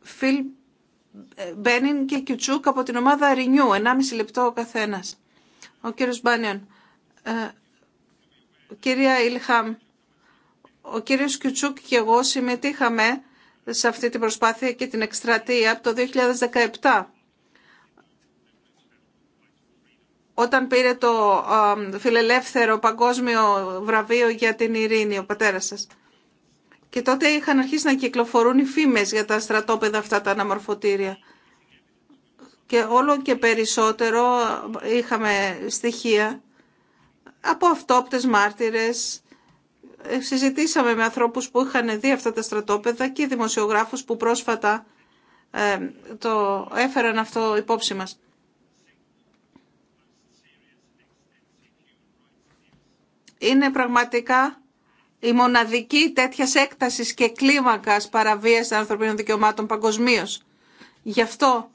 Φιλ Μπένιν και Κιουτσούκ από την ομάδα Ρινιού, 1,5 λεπτό ο καθένας. Ο κύριος Μπάνιον. Ε, κυρία Ιλχάμ, ο κύριος Κιουτσούκ και εγώ συμμετείχαμε σε αυτή την προσπάθεια και την εκστρατεία από το 2017. όταν πήρε το φιλελεύθερο παγκόσμιο βραβείο για την ειρήνη ο πατέρας σας. Και τότε είχαν αρχίσει να κυκλοφορούν οι φήμες για τα στρατόπεδα αυτά τα αναμορφωτήρια. Και όλο και περισσότερο είχαμε στοιχεία από αυτόπτες μάρτυρες. Ε, συζητήσαμε με ανθρώπους που είχαν δει αυτά τα στρατόπεδα και δημοσιογράφους που πρόσφατα ε, το έφεραν αυτό υπόψη μας. είναι πραγματικά η μοναδική τέτοια έκταση και κλίμακα παραβίαση των ανθρωπίνων δικαιωμάτων παγκοσμίω. Γι' αυτό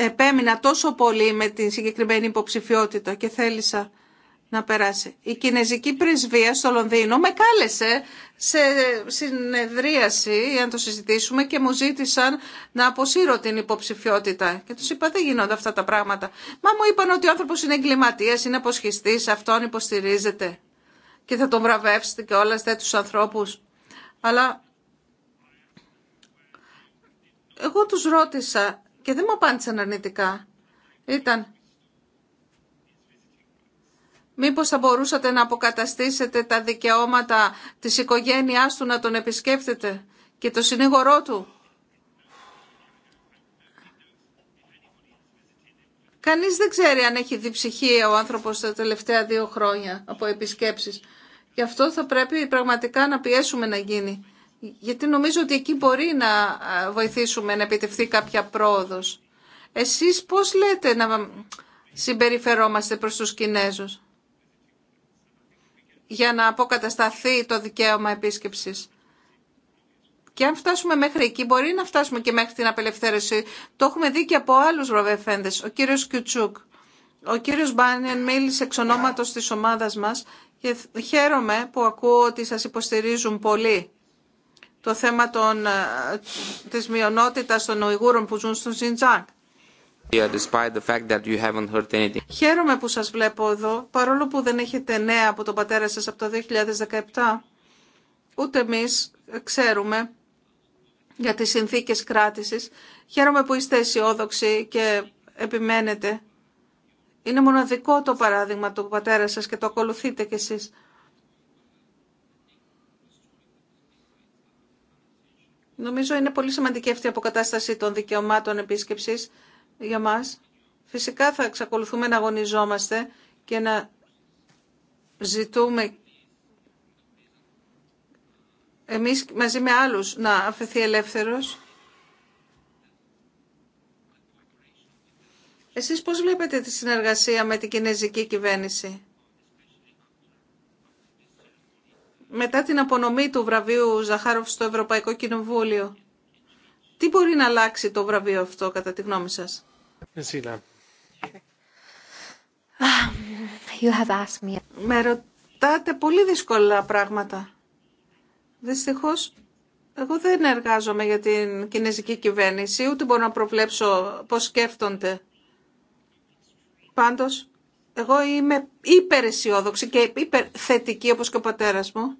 ε, επέμεινα τόσο πολύ με την συγκεκριμένη υποψηφιότητα και θέλησα να περάσει. Η Κινέζικη Πρεσβεία στο Λονδίνο με κάλεσε σε συνεδρίαση για να το συζητήσουμε και μου ζήτησαν να αποσύρω την υποψηφιότητα. Και τους είπα δεν γίνονται αυτά τα πράγματα. Μα μου είπαν ότι ο άνθρωπος είναι εγκληματία, είναι αποσχιστή, αυτόν υποστηρίζεται. Και θα τον βραβεύσετε και όλα τους ανθρώπου. Αλλά εγώ τους ρώτησα και δεν μου απάντησαν αρνητικά. Ήταν Μήπως θα μπορούσατε να αποκαταστήσετε τα δικαιώματα της οικογένειάς του να τον επισκέπτεται και το συνήγορό του. Κανείς δεν ξέρει αν έχει διψυχία ο άνθρωπος τα τελευταία δύο χρόνια από επισκέψεις. Γι' αυτό θα πρέπει πραγματικά να πιέσουμε να γίνει. Γιατί νομίζω ότι εκεί μπορεί να βοηθήσουμε να επιτευχθεί κάποια πρόοδος. Εσείς πώς λέτε να συμπεριφερόμαστε προς τους Κινέζους για να αποκατασταθεί το δικαίωμα επίσκεψης. Και αν φτάσουμε μέχρι εκεί, μπορεί να φτάσουμε και μέχρι την απελευθέρωση. Το έχουμε δει και από άλλους ροβεφέντες. Ο κύριος Κιουτσούκ, ο κύριος Μπάνιεν μίλησε εξ ονόματος της ομάδας μας και χαίρομαι που ακούω ότι σας υποστηρίζουν πολύ το θέμα των, ε, της μειονότητας των Ουγγούρων που ζουν στον Σιντζάκ. Χαίρομαι που σας βλέπω εδώ, παρόλο που δεν έχετε νέα από τον πατέρα σας από το 2017. Ούτε εμείς ξέρουμε για τις συνθήκες κράτησης. Χαίρομαι που είστε αισιόδοξοι και επιμένετε. Είναι μοναδικό το παράδειγμα του πατέρα σας και το ακολουθείτε κι εσείς. Νομίζω είναι πολύ σημαντική αυτή η αποκατάσταση των δικαιωμάτων επίσκεψης για μας. Φυσικά θα εξακολουθούμε να αγωνιζόμαστε και να ζητούμε εμείς μαζί με άλλους να αφαιθεί ελεύθερος. Εσείς πώς βλέπετε τη συνεργασία με την κινέζικη κυβέρνηση. Μετά την απονομή του βραβείου Ζαχάροφ στο Ευρωπαϊκό Κοινοβούλιο, τι μπορεί να αλλάξει το βραβείο αυτό κατά τη γνώμη σας. Με ρωτάτε πολύ δύσκολα πράγματα. Δυστυχώς, εγώ δεν εργάζομαι για την κινέζικη κυβέρνηση, ούτε μπορώ να προβλέψω πώς σκέφτονται. Πάντως, εγώ είμαι υπεραισιόδοξη και υπερθετική όπως και ο πατέρας μου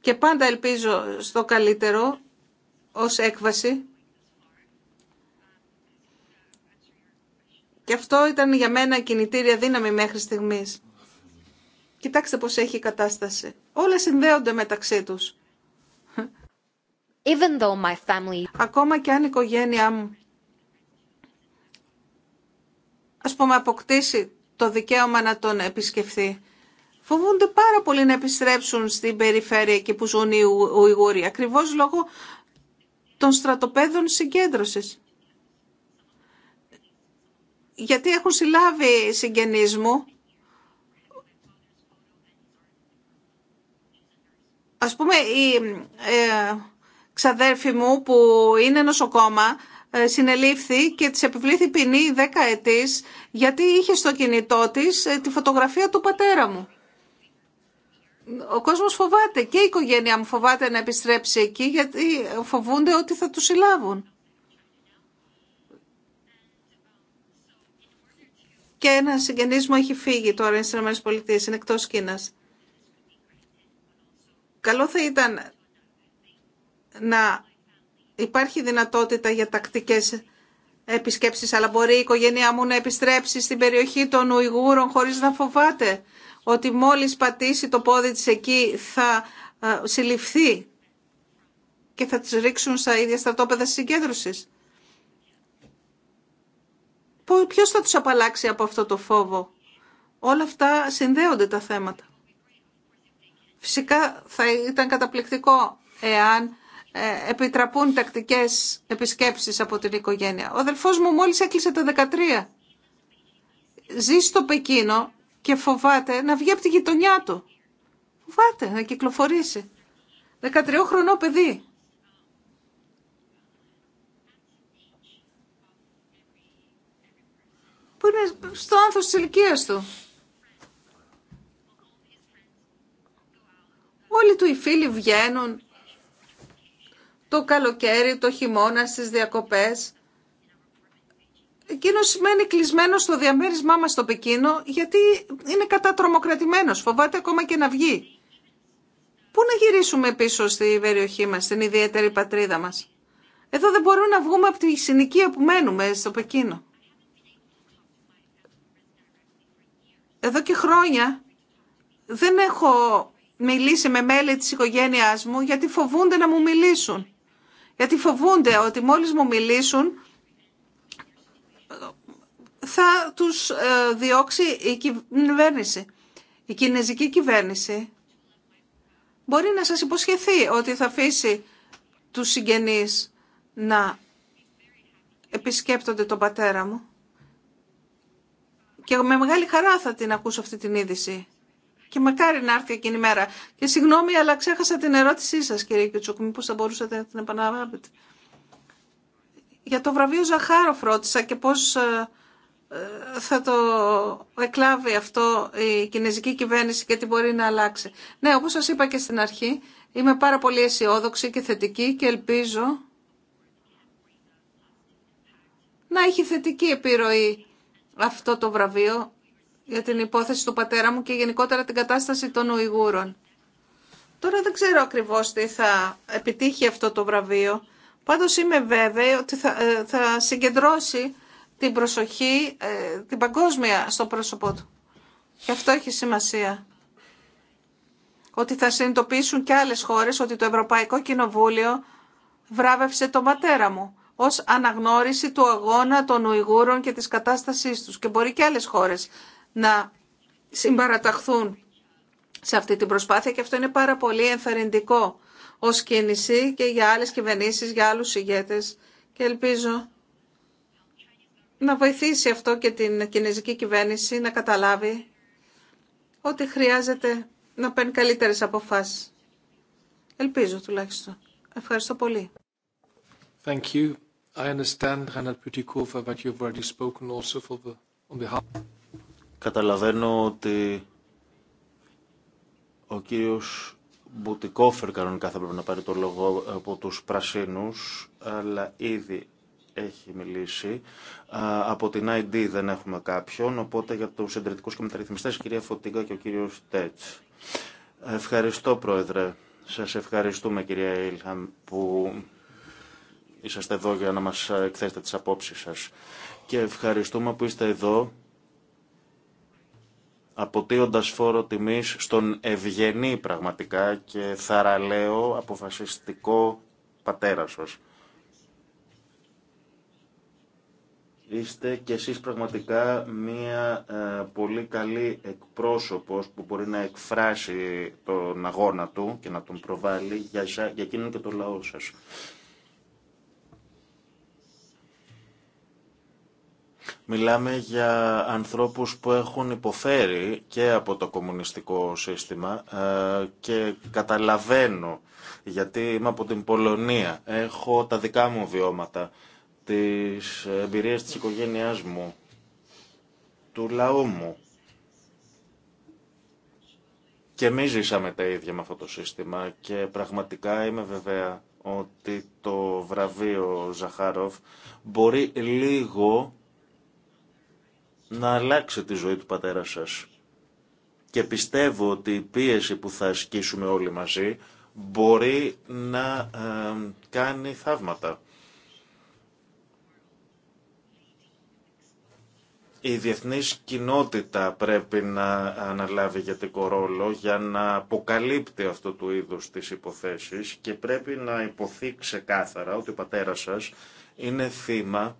και πάντα ελπίζω στο καλύτερο ως έκβαση Και αυτό ήταν για μένα κινητήρια δύναμη μέχρι στιγμής. Κοιτάξτε πώς έχει η κατάσταση. Όλα συνδέονται μεταξύ τους. Even though my family... Ακόμα και αν η οικογένειά μου ας πούμε αποκτήσει το δικαίωμα να τον επισκεφθεί. Φοβούνται πάρα πολύ να επιστρέψουν στην περιφέρεια εκεί που ζουν οι Ουιγούροι, ακριβώς λόγω των στρατοπέδων συγκέντρωσης γιατί έχουν συλλάβει συγγενείς μου ας πούμε η ε, ξαδέρφη μου που είναι νοσοκόμα ε, συνελήφθη και της επιβλήθη ποινή 10 ετής γιατί είχε στο κινητό της ε, τη φωτογραφία του πατέρα μου. Ο κόσμος φοβάται και η οικογένειά μου φοβάται να επιστρέψει εκεί γιατί φοβούνται ότι θα του συλλάβουν. και ένα συγγενή μου έχει φύγει τώρα στι ΗΠΑ, είναι εκτός Κίνα. Καλό θα ήταν να υπάρχει δυνατότητα για τακτικές επισκέψεις, αλλά μπορεί η οικογένειά μου να επιστρέψει στην περιοχή των Ουιγούρων χωρίς να φοβάται ότι μόλις πατήσει το πόδι της εκεί θα ε, συλληφθεί και θα τις ρίξουν στα ίδια στρατόπεδα συγκέντρωσης. Ποιο θα του απαλλάξει από αυτό το φόβο. Όλα αυτά συνδέονται τα θέματα. Φυσικά θα ήταν καταπληκτικό εάν ε, επιτραπούν τακτικές επισκέψεις από την οικογένεια. Ο αδελφός μου μόλις έκλεισε τα 13. Ζει στο Πεκίνο και φοβάται να βγει από τη γειτονιά του. Φοβάται να κυκλοφορήσει. 13 χρονό παιδί. που είναι στο άνθος της ηλικία του. Όλοι του οι φίλοι βγαίνουν το καλοκαίρι, το χειμώνα, στις διακοπές. Εκείνος σημαίνει κλεισμένο στο διαμέρισμά μας στο Πεκίνο γιατί είναι κατατρομοκρατημένος, φοβάται ακόμα και να βγει. Πού να γυρίσουμε πίσω στη περιοχή μας, στην ιδιαίτερη πατρίδα μας. Εδώ δεν μπορούμε να βγούμε από τη συνοικία που μένουμε στο Πεκίνο. εδώ και χρόνια δεν έχω μιλήσει με μέλη της οικογένειάς μου γιατί φοβούνται να μου μιλήσουν. Γιατί φοβούνται ότι μόλις μου μιλήσουν θα τους ε, διώξει η κυβέρνηση. Η κινέζικη κυβέρνηση μπορεί να σας υποσχεθεί ότι θα αφήσει τους συγγενείς να επισκέπτονται τον πατέρα μου. Και με μεγάλη χαρά θα την ακούσω αυτή την είδηση. Και μακάρι να έρθει εκείνη η μέρα. Και συγγνώμη, αλλά ξέχασα την ερώτησή σα, κύριε Κιουτσούκ. Μήπω θα μπορούσατε να την επαναλάβετε. Για το βραβείο Ζαχάροφ ρώτησα και πώ ε, ε, θα το εκλάβει αυτό η κινέζικη κυβέρνηση και τι μπορεί να αλλάξει. Ναι, όπως σας είπα και στην αρχή, είμαι πάρα πολύ αισιόδοξη και θετική και ελπίζω να έχει θετική επιρροή αυτό το βραβείο για την υπόθεση του πατέρα μου και γενικότερα την κατάσταση των Ουιγούρων. Τώρα δεν ξέρω ακριβώς τι θα επιτύχει αυτό το βραβείο. Πάντως είμαι βέβαιη ότι θα, ε, θα συγκεντρώσει την προσοχή, ε, την παγκόσμια στο πρόσωπό του. Και αυτό έχει σημασία. Ότι θα συνειδητοποιήσουν και άλλες χώρες ότι το Ευρωπαϊκό Κοινοβούλιο βράβευσε τον πατέρα μου ως αναγνώριση του αγώνα των Ουιγούρων και της κατάστασής τους. Και μπορεί και άλλες χώρες να συμπαραταχθούν σε αυτή την προσπάθεια και αυτό είναι πάρα πολύ ενθαρρυντικό ως κίνηση και για άλλες κυβερνήσεις, για άλλους ηγέτες και ελπίζω να βοηθήσει αυτό και την κινέζικη κυβέρνηση να καταλάβει ότι χρειάζεται να παίρνει καλύτερες αποφάσεις. Ελπίζω τουλάχιστον. Ευχαριστώ πολύ. Thank you. I understand, spoken also for the, on Καταλαβαίνω ότι ο κύριος Μπουτικόφερ κανονικά θα πρέπει να πάρει το λόγο από τους πρασίνους, αλλά ήδη έχει μιλήσει. Από την ID δεν έχουμε κάποιον, οπότε για τους συντηρητικούς και μεταρρυθμιστές, κυρία Φωτίγκα και ο κύριος Τέτς. Ευχαριστώ, Πρόεδρε. Σας ευχαριστούμε, κυρία Ήλχαμ, που είσαστε εδώ για να μας ε, εκθέσετε τις απόψεις σας. Και ευχαριστούμε που είστε εδώ αποτείοντας φόρο τιμής στον ευγενή πραγματικά και θαραλέο αποφασιστικό πατέρα σας. Είστε και εσείς πραγματικά μία ε, πολύ καλή εκπρόσωπος που μπορεί να εκφράσει τον αγώνα του και να τον προβάλλει για, για εκείνον και το λαό σας. Μιλάμε για ανθρώπους που έχουν υποφέρει και από το κομμουνιστικό σύστημα ε, και καταλαβαίνω γιατί είμαι από την Πολωνία, έχω τα δικά μου βιώματα, τις εμπειρίες της οικογένειάς μου, του λαού μου. Και εμεί ζήσαμε τα ίδια με αυτό το σύστημα και πραγματικά είμαι βεβαία ότι το βραβείο Ζαχάροφ μπορεί λίγο να αλλάξει τη ζωή του πατέρα σας. Και πιστεύω ότι η πίεση που θα ασκήσουμε όλοι μαζί μπορεί να κάνει θαύματα. Η διεθνής κοινότητα πρέπει να αναλάβει γιατικό ρόλο για να αποκαλύπτει αυτό του είδους τις υποθέσεις και πρέπει να υποθεί ξεκάθαρα ότι ο πατέρας σας είναι θύμα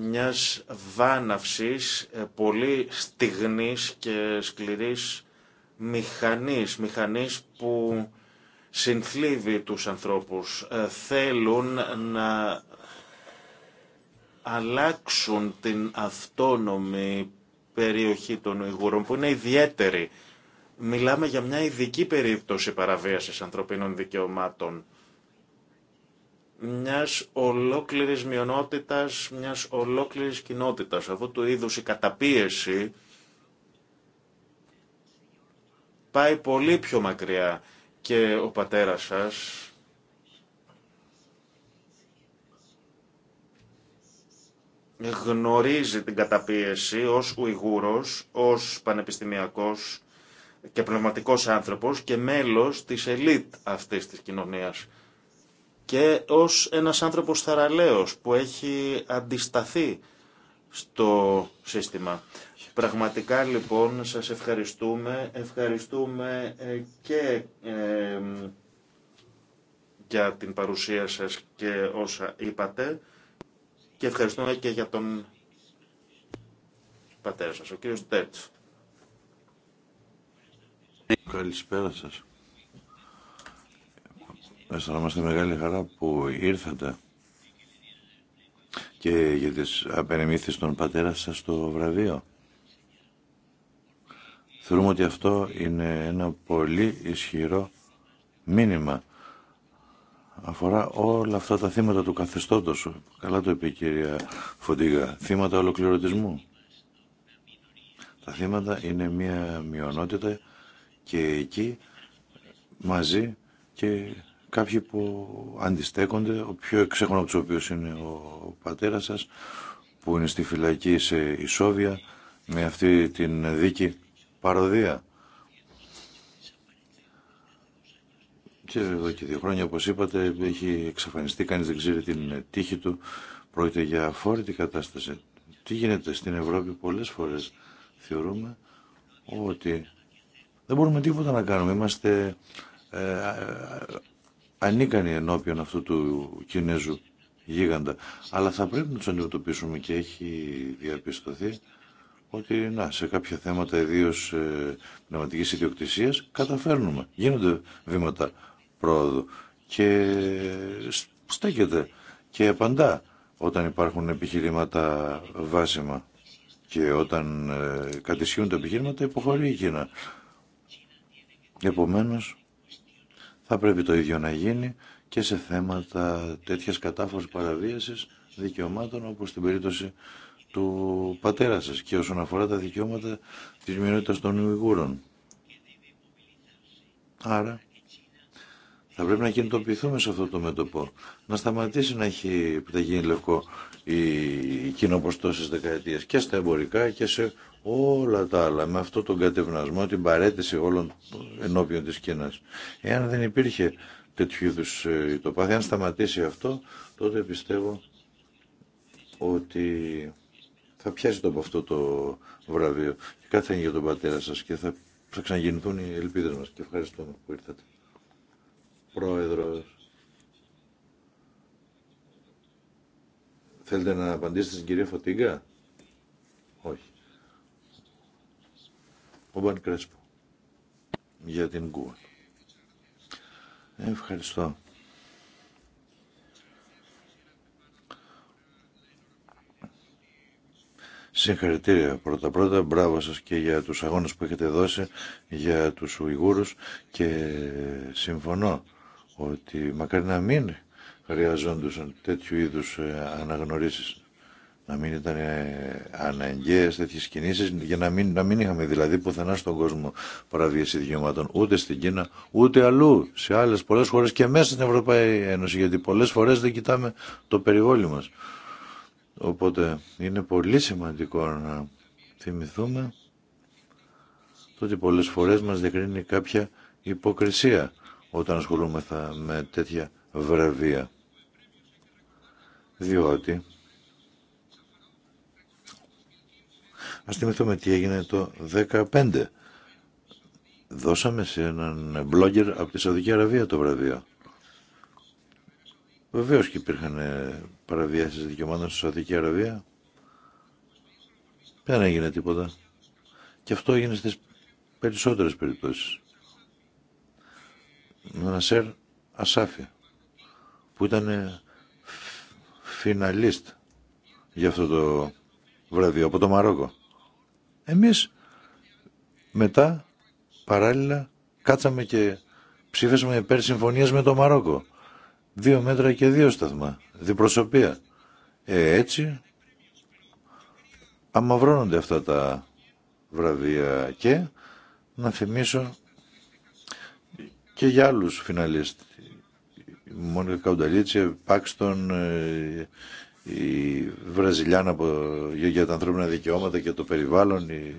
μιας βάναυσης ε, πολύ στιγνής και σκληρής μηχανής, μηχανής που συνθλίβει τους ανθρώπους. Ε, θέλουν να αλλάξουν την αυτόνομη περιοχή των Ιγούρων που είναι ιδιαίτερη. Μιλάμε για μια ειδική περίπτωση παραβίασης ανθρωπίνων δικαιωμάτων μιας ολόκληρης μειονότητας, μιας ολόκληρης κοινότητας. Αυτό το είδους η καταπίεση πάει πολύ πιο μακριά και ο πατέρας σας γνωρίζει την καταπίεση ως Ουιγούρος, ως πανεπιστημιακός και πνευματικός άνθρωπος και μέλος της ελίτ αυτής της κοινωνίας και ως ένας άνθρωπος θαραλέος που έχει αντισταθεί στο σύστημα. Πραγματικά λοιπόν σας ευχαριστούμε, ευχαριστούμε ε, και για την παρουσία σας και όσα είπατε και ευχαριστούμε και για τον πατέρα σας, ο κύριος Τέρτς. Καλησπέρα σας. Αισθανόμαστε μεγάλη χαρά που ήρθατε και για τις απενεμήθεις των πατέρα σας στο βραβείο. Θεωρούμε ότι αυτό είναι ένα πολύ ισχυρό μήνυμα. Αφορά όλα αυτά τα θύματα του καθεστώτος. Καλά το είπε η κυρία Φοντίγα. Θύματα ολοκληρωτισμού. Τα θύματα είναι μια μειονότητα και εκεί μαζί και κάποιοι που αντιστέκονται, ο πιο εξέχων από του είναι ο πατέρας σας, που είναι στη φυλακή σε Ισόβια, με αυτή την δίκη παροδία. Και εδώ και δύο χρόνια, όπως είπατε, έχει εξαφανιστεί, κανείς δεν ξέρει την τύχη του, πρόκειται για αφόρητη κατάσταση. Τι γίνεται στην Ευρώπη πολλές φορές θεωρούμε ότι δεν μπορούμε τίποτα να κάνουμε, είμαστε ε, ε, ανίκανοι ενώπιον αυτού του Κινέζου γίγαντα. Αλλά θα πρέπει να του αντιμετωπίσουμε και έχει διαπιστωθεί ότι να, σε κάποια θέματα ιδίω ε, πνευματική ιδιοκτησία καταφέρνουμε. Γίνονται βήματα πρόοδου και στέκεται και απαντά όταν υπάρχουν επιχειρήματα βάσιμα και όταν ε, κατησχύουν τα επιχειρήματα υποχωρεί η Κίνα. Επομένως, θα πρέπει το ίδιο να γίνει και σε θέματα τέτοιας κατάφορη παραβίασης δικαιωμάτων όπως στην περίπτωση του πατέρα σας και όσον αφορά τα δικαιώματα της μειονότητας των Ιουγούρων. Άρα θα πρέπει να κινητοποιηθούμε σε αυτό το μέτωπο. Να σταματήσει να έχει επιταγή λευκό η κοινοποστώσει δεκαετίες και στα εμπορικά και σε όλα τα άλλα. Με αυτόν τον κατευνασμό, την παρέτηση όλων ενώπιον τη Κίνα. Εάν δεν υπήρχε τέτοιου είδου ε, τοπάθεια, αν σταματήσει αυτό, τότε πιστεύω ότι θα πιάσει το από αυτό το βραβείο. Και κάθε είναι για τον πατέρα σα και θα, θα ξαναγεννηθούν οι ελπίδε μα Και ευχαριστούμε που ήρθατε. Πρόεδρος. Θέλετε να απαντήσετε στην κυρία Φωτίγκα. Όχι. Ο Μπαν Κρέσπο. Για την Κούβα. Ευχαριστώ. Συγχαρητήρια πρώτα πρώτα, μπράβο σας και για τους αγώνες που έχετε δώσει, για τους Ουιγούρους και συμφωνώ ότι μακάρι να μην χρειαζόντουσαν τέτοιου είδους ε, αναγνωρίσεις να μην ήταν ε, αναγκαίες τέτοιες κινήσεις για να μην, να μην είχαμε δηλαδή πουθενά στον κόσμο παραβίαση δικαιωμάτων ούτε στην Κίνα ούτε αλλού σε άλλες πολλές χώρες και μέσα στην Ευρωπαϊκή Ένωση γιατί πολλές φορές δεν κοιτάμε το περιβόλι μας οπότε είναι πολύ σημαντικό να θυμηθούμε το ότι πολλές φορές μας διακρίνει κάποια υποκρισία όταν ασχολούμεθα με τέτοια βραβεία. Διότι ας θυμηθούμε τι έγινε το 2015. Δώσαμε σε έναν blogger από τη Σαουδική Αραβία το βραβείο. Βεβαίως και υπήρχαν ε, παραβιάσεις δικαιωμάτων στη Σαουδική Αραβία. Δεν έγινε τίποτα. Και αυτό έγινε στις περισσότερες περιπτώσεις. Νασέρ Ασάφη που ήταν ε, φιναλίστ για αυτό το βραβείο από το Μαρόκο. Εμείς μετά παράλληλα κάτσαμε και ψήφισαμε υπέρ συμφωνίας με το Μαρόκο. Δύο μέτρα και δύο σταθμά, διπροσωπεία. Ε, έτσι αμαυρώνονται αυτά τα βραβεία και να θυμίσω και για άλλους φιναλίστ. Μόνο Καουνταλίτσια, Πάξτον, η ε, Βραζιλιάνα για τα ανθρώπινα δικαιώματα και το περιβάλλον, η,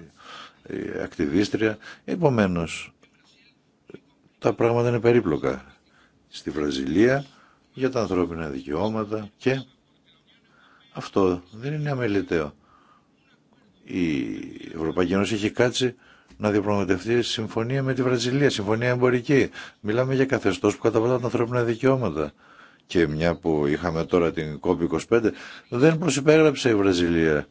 η ακτιβίστρια. Επομένως, τα πράγματα είναι περίπλοκα. Στη Βραζιλία για τα ανθρώπινα δικαιώματα και αυτό δεν είναι αμεληταίο. Η Ευρωπαϊκή Ένωση έχει κάτσει να διαπραγματευτεί συμφωνία με τη Βραζιλία, συμφωνία εμπορική. Μιλάμε για καθεστώ που καταβάλλουν τα ανθρώπινα δικαιώματα. Και μια που είχαμε τώρα την COP25, δεν προσυπέγραψε η Βραζιλία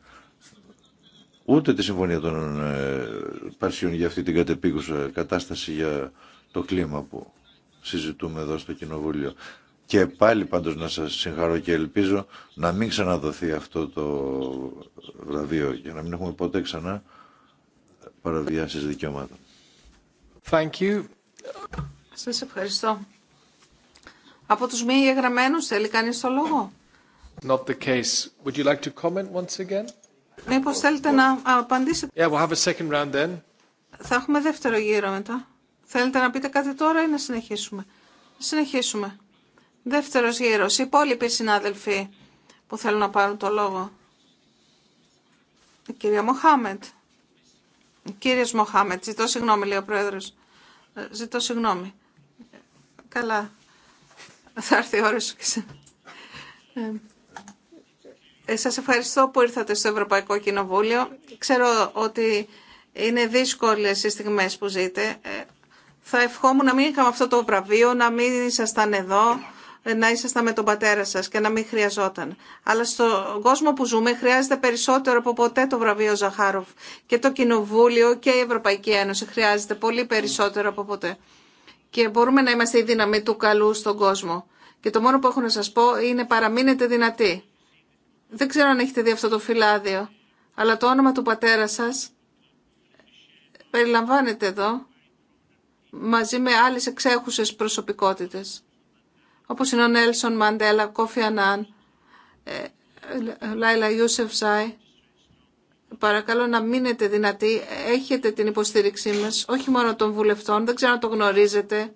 ούτε τη συμφωνία των ε, Παρσιών για αυτή την κατεπίκουσα κατάσταση για το κλίμα που συζητούμε εδώ στο Κοινοβούλιο. Και πάλι πάντως να σας συγχαρώ και ελπίζω να μην ξαναδοθεί αυτό το βραβείο και να μην έχουμε ποτέ ξανά παραβιάσεις δικαιωμάτων. Thank you. Σας ευχαριστώ. Από τους μη εγγραμμένους θέλει κανείς το λόγο. Not the case. Would you like to comment once again? Μήπως θέλετε να απαντήσετε. Yeah, we'll have a second round then. Θα έχουμε δεύτερο γύρο μετά. Θέλετε να πείτε κάτι τώρα ή να συνεχίσουμε. Συνεχίσουμε. Δεύτερος γύρος. Οι υπόλοιποι συνάδελφοι που θέλουν να πάρουν το λόγο. Η κυρία να Μοχάμετ. Κύριε Μοχάμετ, ζητώ συγγνώμη, λέει ο Πρόεδρο. Ε, ζητώ συγγνώμη. Καλά. Θα έρθει η ώρα σου ε, ε, Σας ευχαριστώ που ήρθατε στο Ευρωπαϊκό Κοινοβούλιο. Ξέρω ότι είναι δύσκολες οι στιγμές που ζείτε. θα ευχόμουν να μην είχαμε αυτό το βραβείο, να μην ήσασταν εδώ να ήσασταν με τον πατέρα σας και να μην χρειαζόταν. Αλλά στον κόσμο που ζούμε χρειάζεται περισσότερο από ποτέ το βραβείο Ζαχάροφ. Και το Κοινοβούλιο και η Ευρωπαϊκή Ένωση χρειάζεται πολύ περισσότερο από ποτέ. Και μπορούμε να είμαστε η δύναμη του καλού στον κόσμο. Και το μόνο που έχω να σας πω είναι παραμείνετε δυνατοί. Δεν ξέρω αν έχετε δει αυτό το φυλάδιο, αλλά το όνομα του πατέρα σας περιλαμβάνεται εδώ μαζί με άλλες εξέχουσες προσωπικότητες όπως είναι ο Νέλσον Μαντέλα, Κόφι Ανάν, ε, Λάιλα Ιούσεφ Ζάι. Παρακαλώ να μείνετε δυνατοί. Έχετε την υποστήριξή μας, όχι μόνο των βουλευτών, δεν ξέρω αν το γνωρίζετε.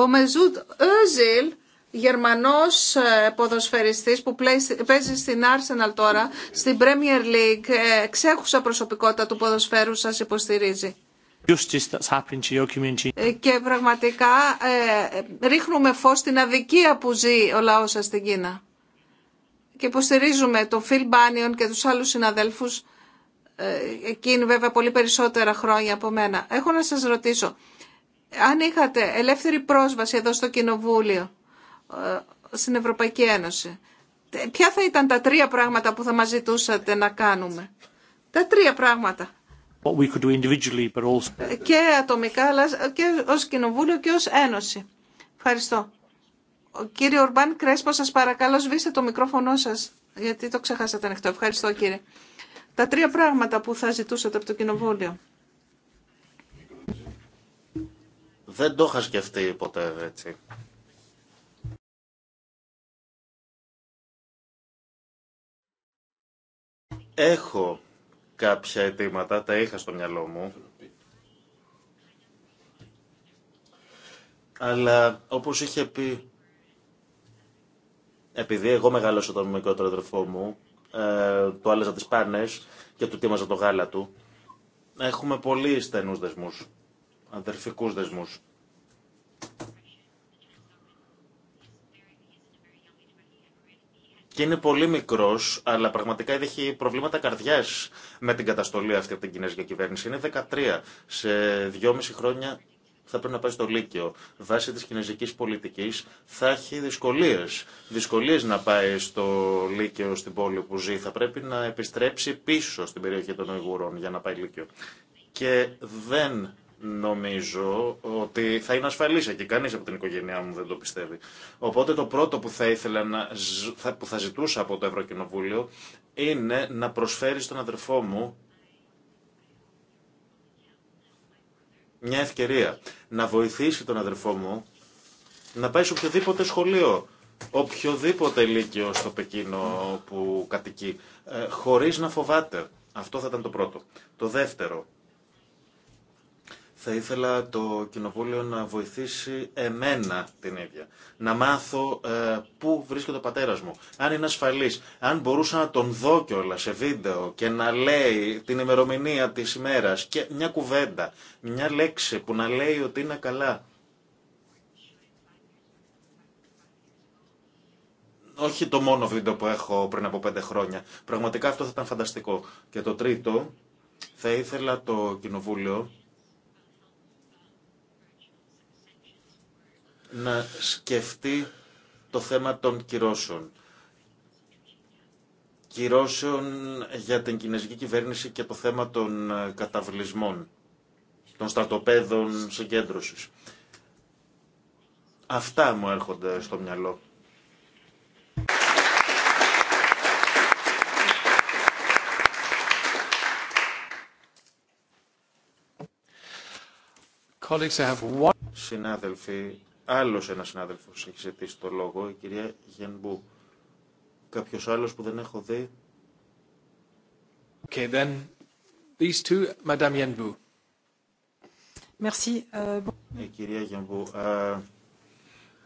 Ο Μεζούτ Özil, Γερμανός ε, ποδοσφαιριστής που παίζει στην Arsenal τώρα, στην Premier League, ε, ξέχουσα προσωπικότητα του ποδοσφαίρου σας υποστηρίζει. Ε, και πραγματικά ε, ρίχνουμε φως στην αδικία που ζει ο λαός σας στην Κίνα. Και υποστηρίζουμε τον Φιλ Μπάνιον και τους άλλους συναδέλφους, ε, εκείνοι βέβαια πολύ περισσότερα χρόνια από μένα. Έχω να σας ρωτήσω, αν είχατε ελεύθερη πρόσβαση εδώ στο Κοινοβούλιο, στην Ευρωπαϊκή Ένωση, ποια θα ήταν τα τρία πράγματα που θα μας ζητούσατε να κάνουμε. Τα τρία πράγματα. Και ατομικά, αλλά και ως Κοινοβούλιο και ως Ένωση. Ευχαριστώ. Κύριε Ορμπάν Κρέσπο, σας παρακαλώ σβήστε το μικρόφωνο σας, γιατί το ξεχάσατε ανοιχτό. Ευχαριστώ κύριε. Τα τρία πράγματα που θα ζητούσατε από το Κοινοβούλιο. Δεν το είχα σκεφτεί ποτέ έτσι. Έχω κάποια αιτήματα, τα είχα στο μυαλό μου. Αλλά όπως είχε πει, επειδή εγώ μεγάλωσα τον μικρότερο αδερφό μου, ε, του άλλαζα τις πάνες και του τίμαζα το γάλα του, έχουμε πολύ στενούς δεσμούς, αδερφικούς δεσμούς. και είναι πολύ μικρό, αλλά πραγματικά έχει προβλήματα καρδιά με την καταστολή αυτή από την κινέζικη κυβέρνηση. Είναι 13. Σε 2,5 χρόνια θα πρέπει να πάει στο Λύκειο. Βάσει τη κινέζικη πολιτική θα έχει δυσκολίε. Δυσκολίε να πάει στο Λύκειο στην πόλη που ζει. Θα πρέπει να επιστρέψει πίσω στην περιοχή των Ουγγουρών για να πάει Λύκειο. Και δεν Νομίζω ότι θα είναι ασφαλή εκεί. Κανεί από την οικογένειά μου δεν το πιστεύει. Οπότε το πρώτο που θα ήθελα να, που θα ζητούσα από το Ευρωκοινοβούλιο είναι να προσφέρει στον αδερφό μου μια ευκαιρία. Να βοηθήσει τον αδερφό μου να πάει σε οποιοδήποτε σχολείο, οποιοδήποτε λύκειο στο Πεκίνο που κατοικεί, ε, χωρίς να φοβάται. Αυτό θα ήταν το πρώτο. Το δεύτερο, θα ήθελα το κοινοβούλιο να βοηθήσει εμένα την ίδια. Να μάθω ε, πού βρίσκεται ο πατέρας μου, αν είναι ασφαλής, αν μπορούσα να τον δω κιόλα σε βίντεο και να λέει την ημερομηνία της ημέρας και μια κουβέντα, μια λέξη που να λέει ότι είναι καλά. όχι το μόνο βίντεο που έχω πριν από πέντε χρόνια. Πραγματικά αυτό θα ήταν φανταστικό. Και το τρίτο, θα ήθελα το κοινοβούλιο να σκεφτεί το θέμα των κυρώσεων. Κυρώσεων για την κινέζικη κυβέρνηση και το θέμα των ε, καταβλισμών, των στρατοπέδων συγκέντρωσης. Αυτά μου έρχονται στο μυαλό. Συνάδελφοι, Άλλος ένας συνάδελφο έχει ζητήσει το λόγο, η κυρία Γενμπού. Κάποιος άλλος που δεν έχω δει. Okay, then, these two, Madame Yenbu. Merci. Η euh, ναι, κυρία Γενμπού.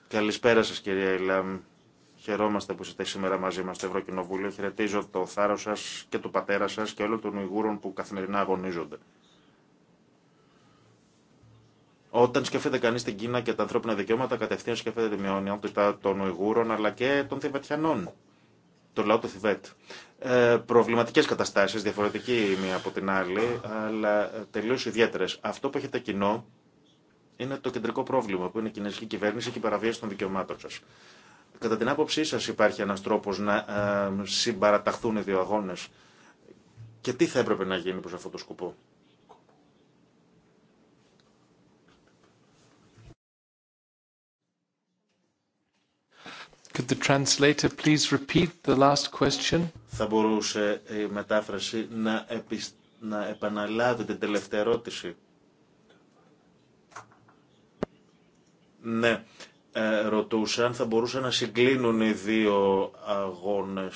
καλησπέρα σας κυρία Ιλάμ. Χαιρόμαστε που είστε σήμερα μαζί μας στο Ευρωκοινοβούλιο. Χαιρετίζω το θάρρο σας και του πατέρα σας και όλων των Ιγούρων που καθημερινά αγωνίζονται. Όταν σκέφτεται κανεί την Κίνα και τα ανθρώπινα δικαιώματα, κατευθείαν σκέφτεται τη μειονότητα των Ουιγούρων αλλά και των Θιβετιανών, τον λαό του Θιβέτ. Ε, Προβληματικέ καταστάσει, διαφορετική η μία από την άλλη, αλλά ε, τελείω ιδιαίτερε. Αυτό που έχετε κοινό είναι το κεντρικό πρόβλημα που είναι η κινέζικη κυβέρνηση και η παραβίαση των δικαιωμάτων σα. Κατά την άποψή σα, υπάρχει ένα τρόπο να ε, συμπαραταχθούν οι δύο αγώνε και τι θα έπρεπε να γίνει προ αυτό το σκοπό. the last question? Θα μπορούσε η μετάφραση να, να επαναλάβει την τελευταία ερώτηση. Ναι, ε, αν θα μπορούσαν να συγκλίνουν οι δύο αγώνες.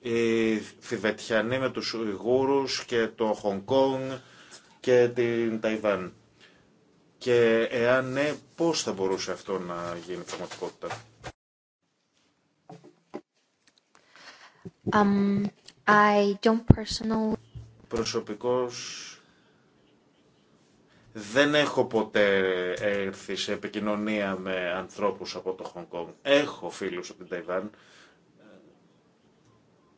Οι Φιβετιανοί με τους Ιγούρους και το Χονγκ και την Ταϊβάν. Και εάν ναι, πώς θα μπορούσε αυτό να γίνει πραγματικότητα. Um, I Προσωπικώς δεν έχω ποτέ έρθει σε επικοινωνία με ανθρώπους από το Χονγκ Έχω φίλους από την Ταϊβάν.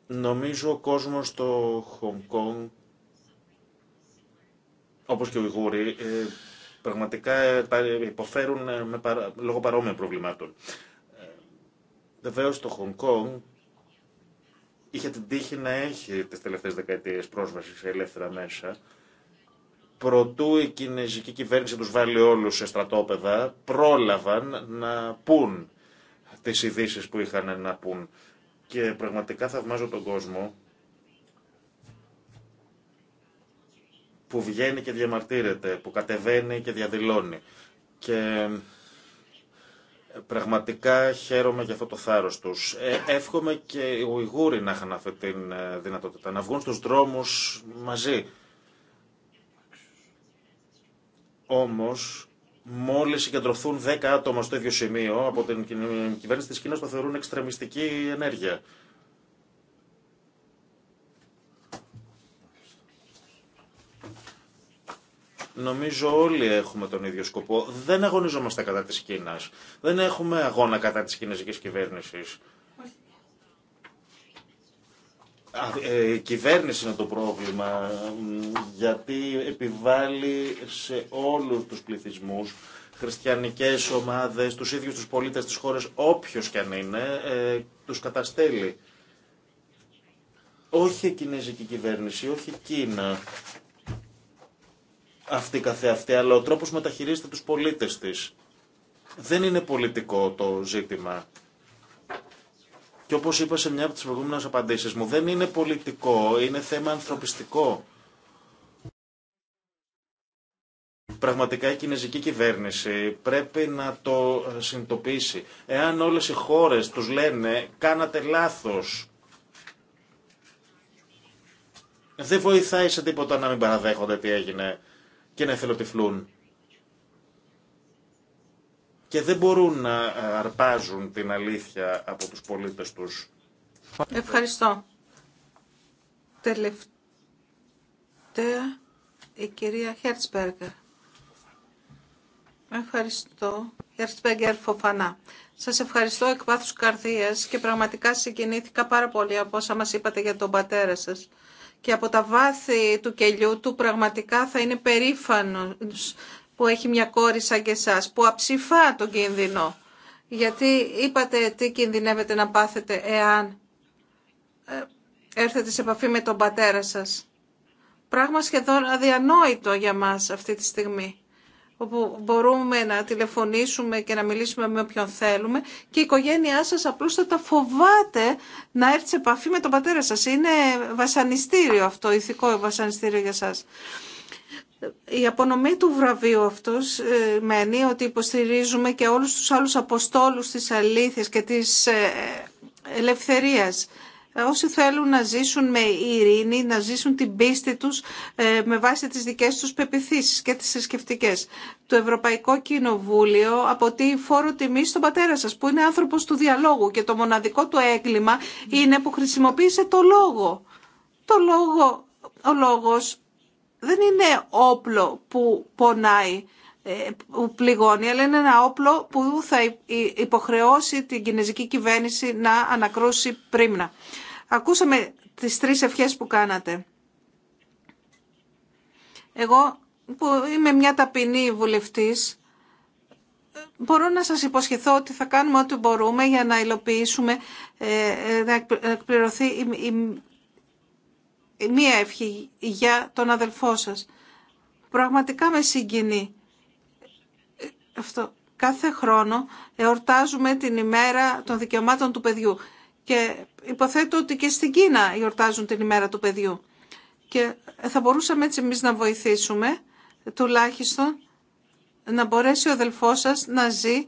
Νομίζω ο κόσμος στο Χονγκ Κόνγκ, όπως και ο Ιγούρη ε, πραγματικά ε, υποφέρουν ε, με παρα... λόγω παρόμοιων προβλημάτων. Βεβαίω το Χονγκ είχε την τύχη να έχει τι τελευταίε δεκαετίε πρόσβαση σε ελεύθερα μέσα, προτού η κινέζικη κυβέρνηση τους βάλει όλους σε στρατόπεδα, πρόλαβαν να πούν τις ειδήσει που είχαν να πούν. Και πραγματικά θαυμάζω τον κόσμο που βγαίνει και διαμαρτύρεται, που κατεβαίνει και διαδηλώνει. Και Πραγματικά χαίρομαι για αυτό το θάρρος τους. Ε, εύχομαι και οι Ουιγούροι να είχαν αυτή τη ε, δυνατότητα, να βγουν στους δρόμους μαζί. Όμως, μόλις συγκεντρωθούν 10 άτομα στο ίδιο σημείο από την κυβέρνηση της Κίνας, το θεωρούν εξτρεμιστική ενέργεια. Νομίζω όλοι έχουμε τον ίδιο σκοπό. Δεν αγωνιζόμαστε κατά της Κίνας. Δεν έχουμε αγώνα κατά της κινέζικης κυβέρνησης. Ε, η κυβέρνηση είναι το πρόβλημα, γιατί επιβάλλει σε όλους τους πληθυσμούς, χριστιανικές ομάδες, τους ίδιους τους πολίτες της χώρας, όποιος κι αν είναι, ε, τους καταστέλει. Όχι η κινέζικη κυβέρνηση, όχι η Κίνα αυτή καθεαυτή, αλλά ο τρόπος μεταχειρίζεται τους πολίτες της. Δεν είναι πολιτικό το ζήτημα. Και όπως είπα σε μια από τις προηγούμενες απαντήσεις μου, δεν είναι πολιτικό, είναι θέμα ανθρωπιστικό. Πραγματικά η κινέζικη κυβέρνηση πρέπει να το συνειδητοποιήσει. Εάν όλες οι χώρες τους λένε κάνατε λάθος, δεν βοηθάει σε τίποτα να μην παραδέχονται τι έγινε και να εθελοτυφλούν και δεν μπορούν να ε, αρπάζουν την αλήθεια από τους πολίτες τους. Ευχαριστώ. Τελευταία η κυρία Χέρτσπεργκερ. Ευχαριστώ. Χέρτσπεργκερ Φοφανά. Σας ευχαριστώ εκ βάθους καρδίας και πραγματικά συγκινήθηκα πάρα πολύ από όσα μας είπατε για τον πατέρα σας και από τα βάθη του κελιού του πραγματικά θα είναι περήφανος που έχει μια κόρη σαν και εσάς, που αψηφά τον κίνδυνο. Γιατί είπατε τι κινδυνεύετε να πάθετε εάν ε, έρθετε σε επαφή με τον πατέρα σας. Πράγμα σχεδόν αδιανόητο για μας αυτή τη στιγμή όπου μπορούμε να τηλεφωνήσουμε και να μιλήσουμε με όποιον θέλουμε και η οικογένειά σας τα φοβάται να έρθει σε επαφή με τον πατέρα σας. Είναι βασανιστήριο αυτό, ηθικό βασανιστήριο για σας. Η απονομή του βραβείου αυτός ε, μένει ότι υποστηρίζουμε και όλους τους άλλους αποστόλους της αλήθειας και της ε, ελευθερίας ε, όσοι θέλουν να ζήσουν με ειρήνη, να ζήσουν την πίστη τους ε, με βάση τις δικές τους πεπιθήσεις και τις θρησκευτικέ. Το Ευρωπαϊκό Κοινοβούλιο αποτεί φόρο τιμή στον πατέρα σας που είναι άνθρωπος του διαλόγου και το μοναδικό του έγκλημα είναι που χρησιμοποίησε το λόγο. Το λόγο, ο λόγος δεν είναι όπλο που πονάει ε, που πληγώνει, αλλά είναι ένα όπλο που θα υποχρεώσει την κινέζικη κυβέρνηση να ανακρούσει πρίμνα. Ακούσαμε τις τρεις ευχές που κάνατε. Εγώ που είμαι μια ταπεινή βουλευτής, μπορώ να σας υποσχεθώ ότι θα κάνουμε ό,τι μπορούμε για να υλοποιήσουμε, ε, ε, να εκπληρωθεί μία ευχή για τον αδελφό σας. Πραγματικά με συγκινεί αυτό. Κάθε χρόνο εορτάζουμε την ημέρα των δικαιωμάτων του παιδιού. Και υποθέτω ότι και στην Κίνα εορτάζουν την ημέρα του παιδιού. Και θα μπορούσαμε έτσι εμείς να βοηθήσουμε, τουλάχιστον, να μπορέσει ο αδελφός σας να ζει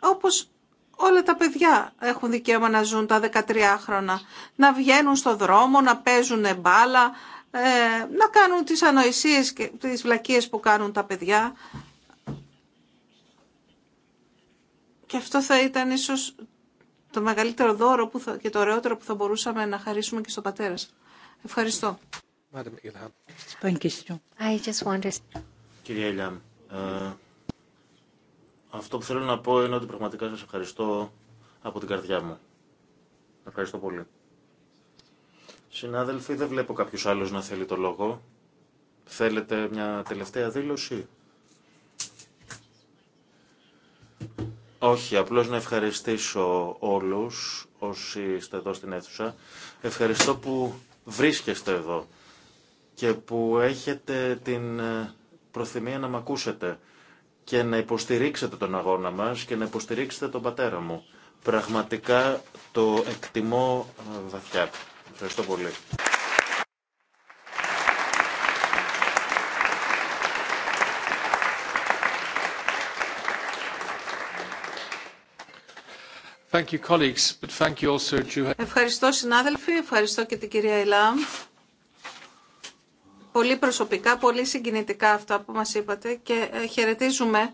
όπως όλα τα παιδιά έχουν δικαίωμα να ζουν τα 13 χρόνια. Να βγαίνουν στο δρόμο, να παίζουν μπάλα, ε, να κάνουν τις ανοησίες και τις βλακίες που κάνουν τα παιδιά. Και αυτό θα ήταν ίσως το μεγαλύτερο δώρο που θα, και το ωραιότερο που θα μπορούσαμε να χαρίσουμε και στον πατέρα Ευχαριστώ. I just Κυρία ε, αυτό που θέλω να πω είναι ότι πραγματικά σας ευχαριστώ από την καρδιά μου. Ευχαριστώ πολύ. Συνάδελφοι, δεν βλέπω κάποιος άλλος να θέλει το λόγο. Θέλετε μια τελευταία δήλωση. Όχι, απλώς να ευχαριστήσω όλους όσοι είστε εδώ στην αίθουσα. Ευχαριστώ που βρίσκεστε εδώ και που έχετε την ε, προθυμία να μ' ακούσετε και να υποστηρίξετε τον αγώνα μας και να υποστηρίξετε τον πατέρα μου. Πραγματικά το εκτιμώ ε, βαθιά. Ευχαριστώ πολύ. ευχαριστώ συνάδελφοι, ευχαριστώ και την κυρία Ιλάμ. Πολύ προσωπικά, πολύ συγκινητικά αυτά που μας είπατε και ε, χαιρετίζουμε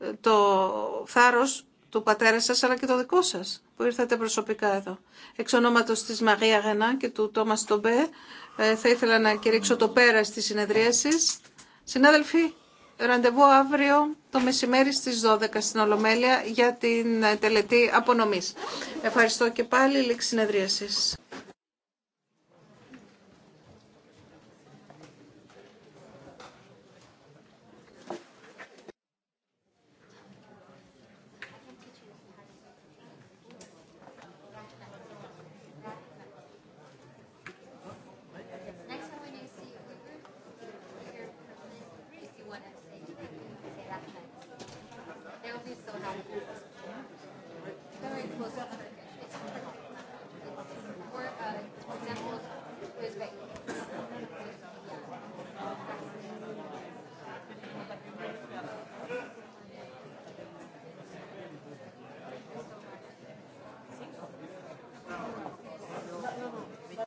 ε, το θάρρος του πατέρα σας αλλά και το δικό σας που ήρθατε προσωπικά εδώ. Εξ ονόματος της Μαρία Γενά και του Τόμας Τομπέ ε, θα ήθελα να κηρύξω το πέρα της συνεδρίασης. Συνάδελφοι, ραντεβού αύριο το μεσημέρι στις 12 στην Ολομέλεια για την τελετή απονομής. Ευχαριστώ και πάλι. Λήξη συνεδρίασης.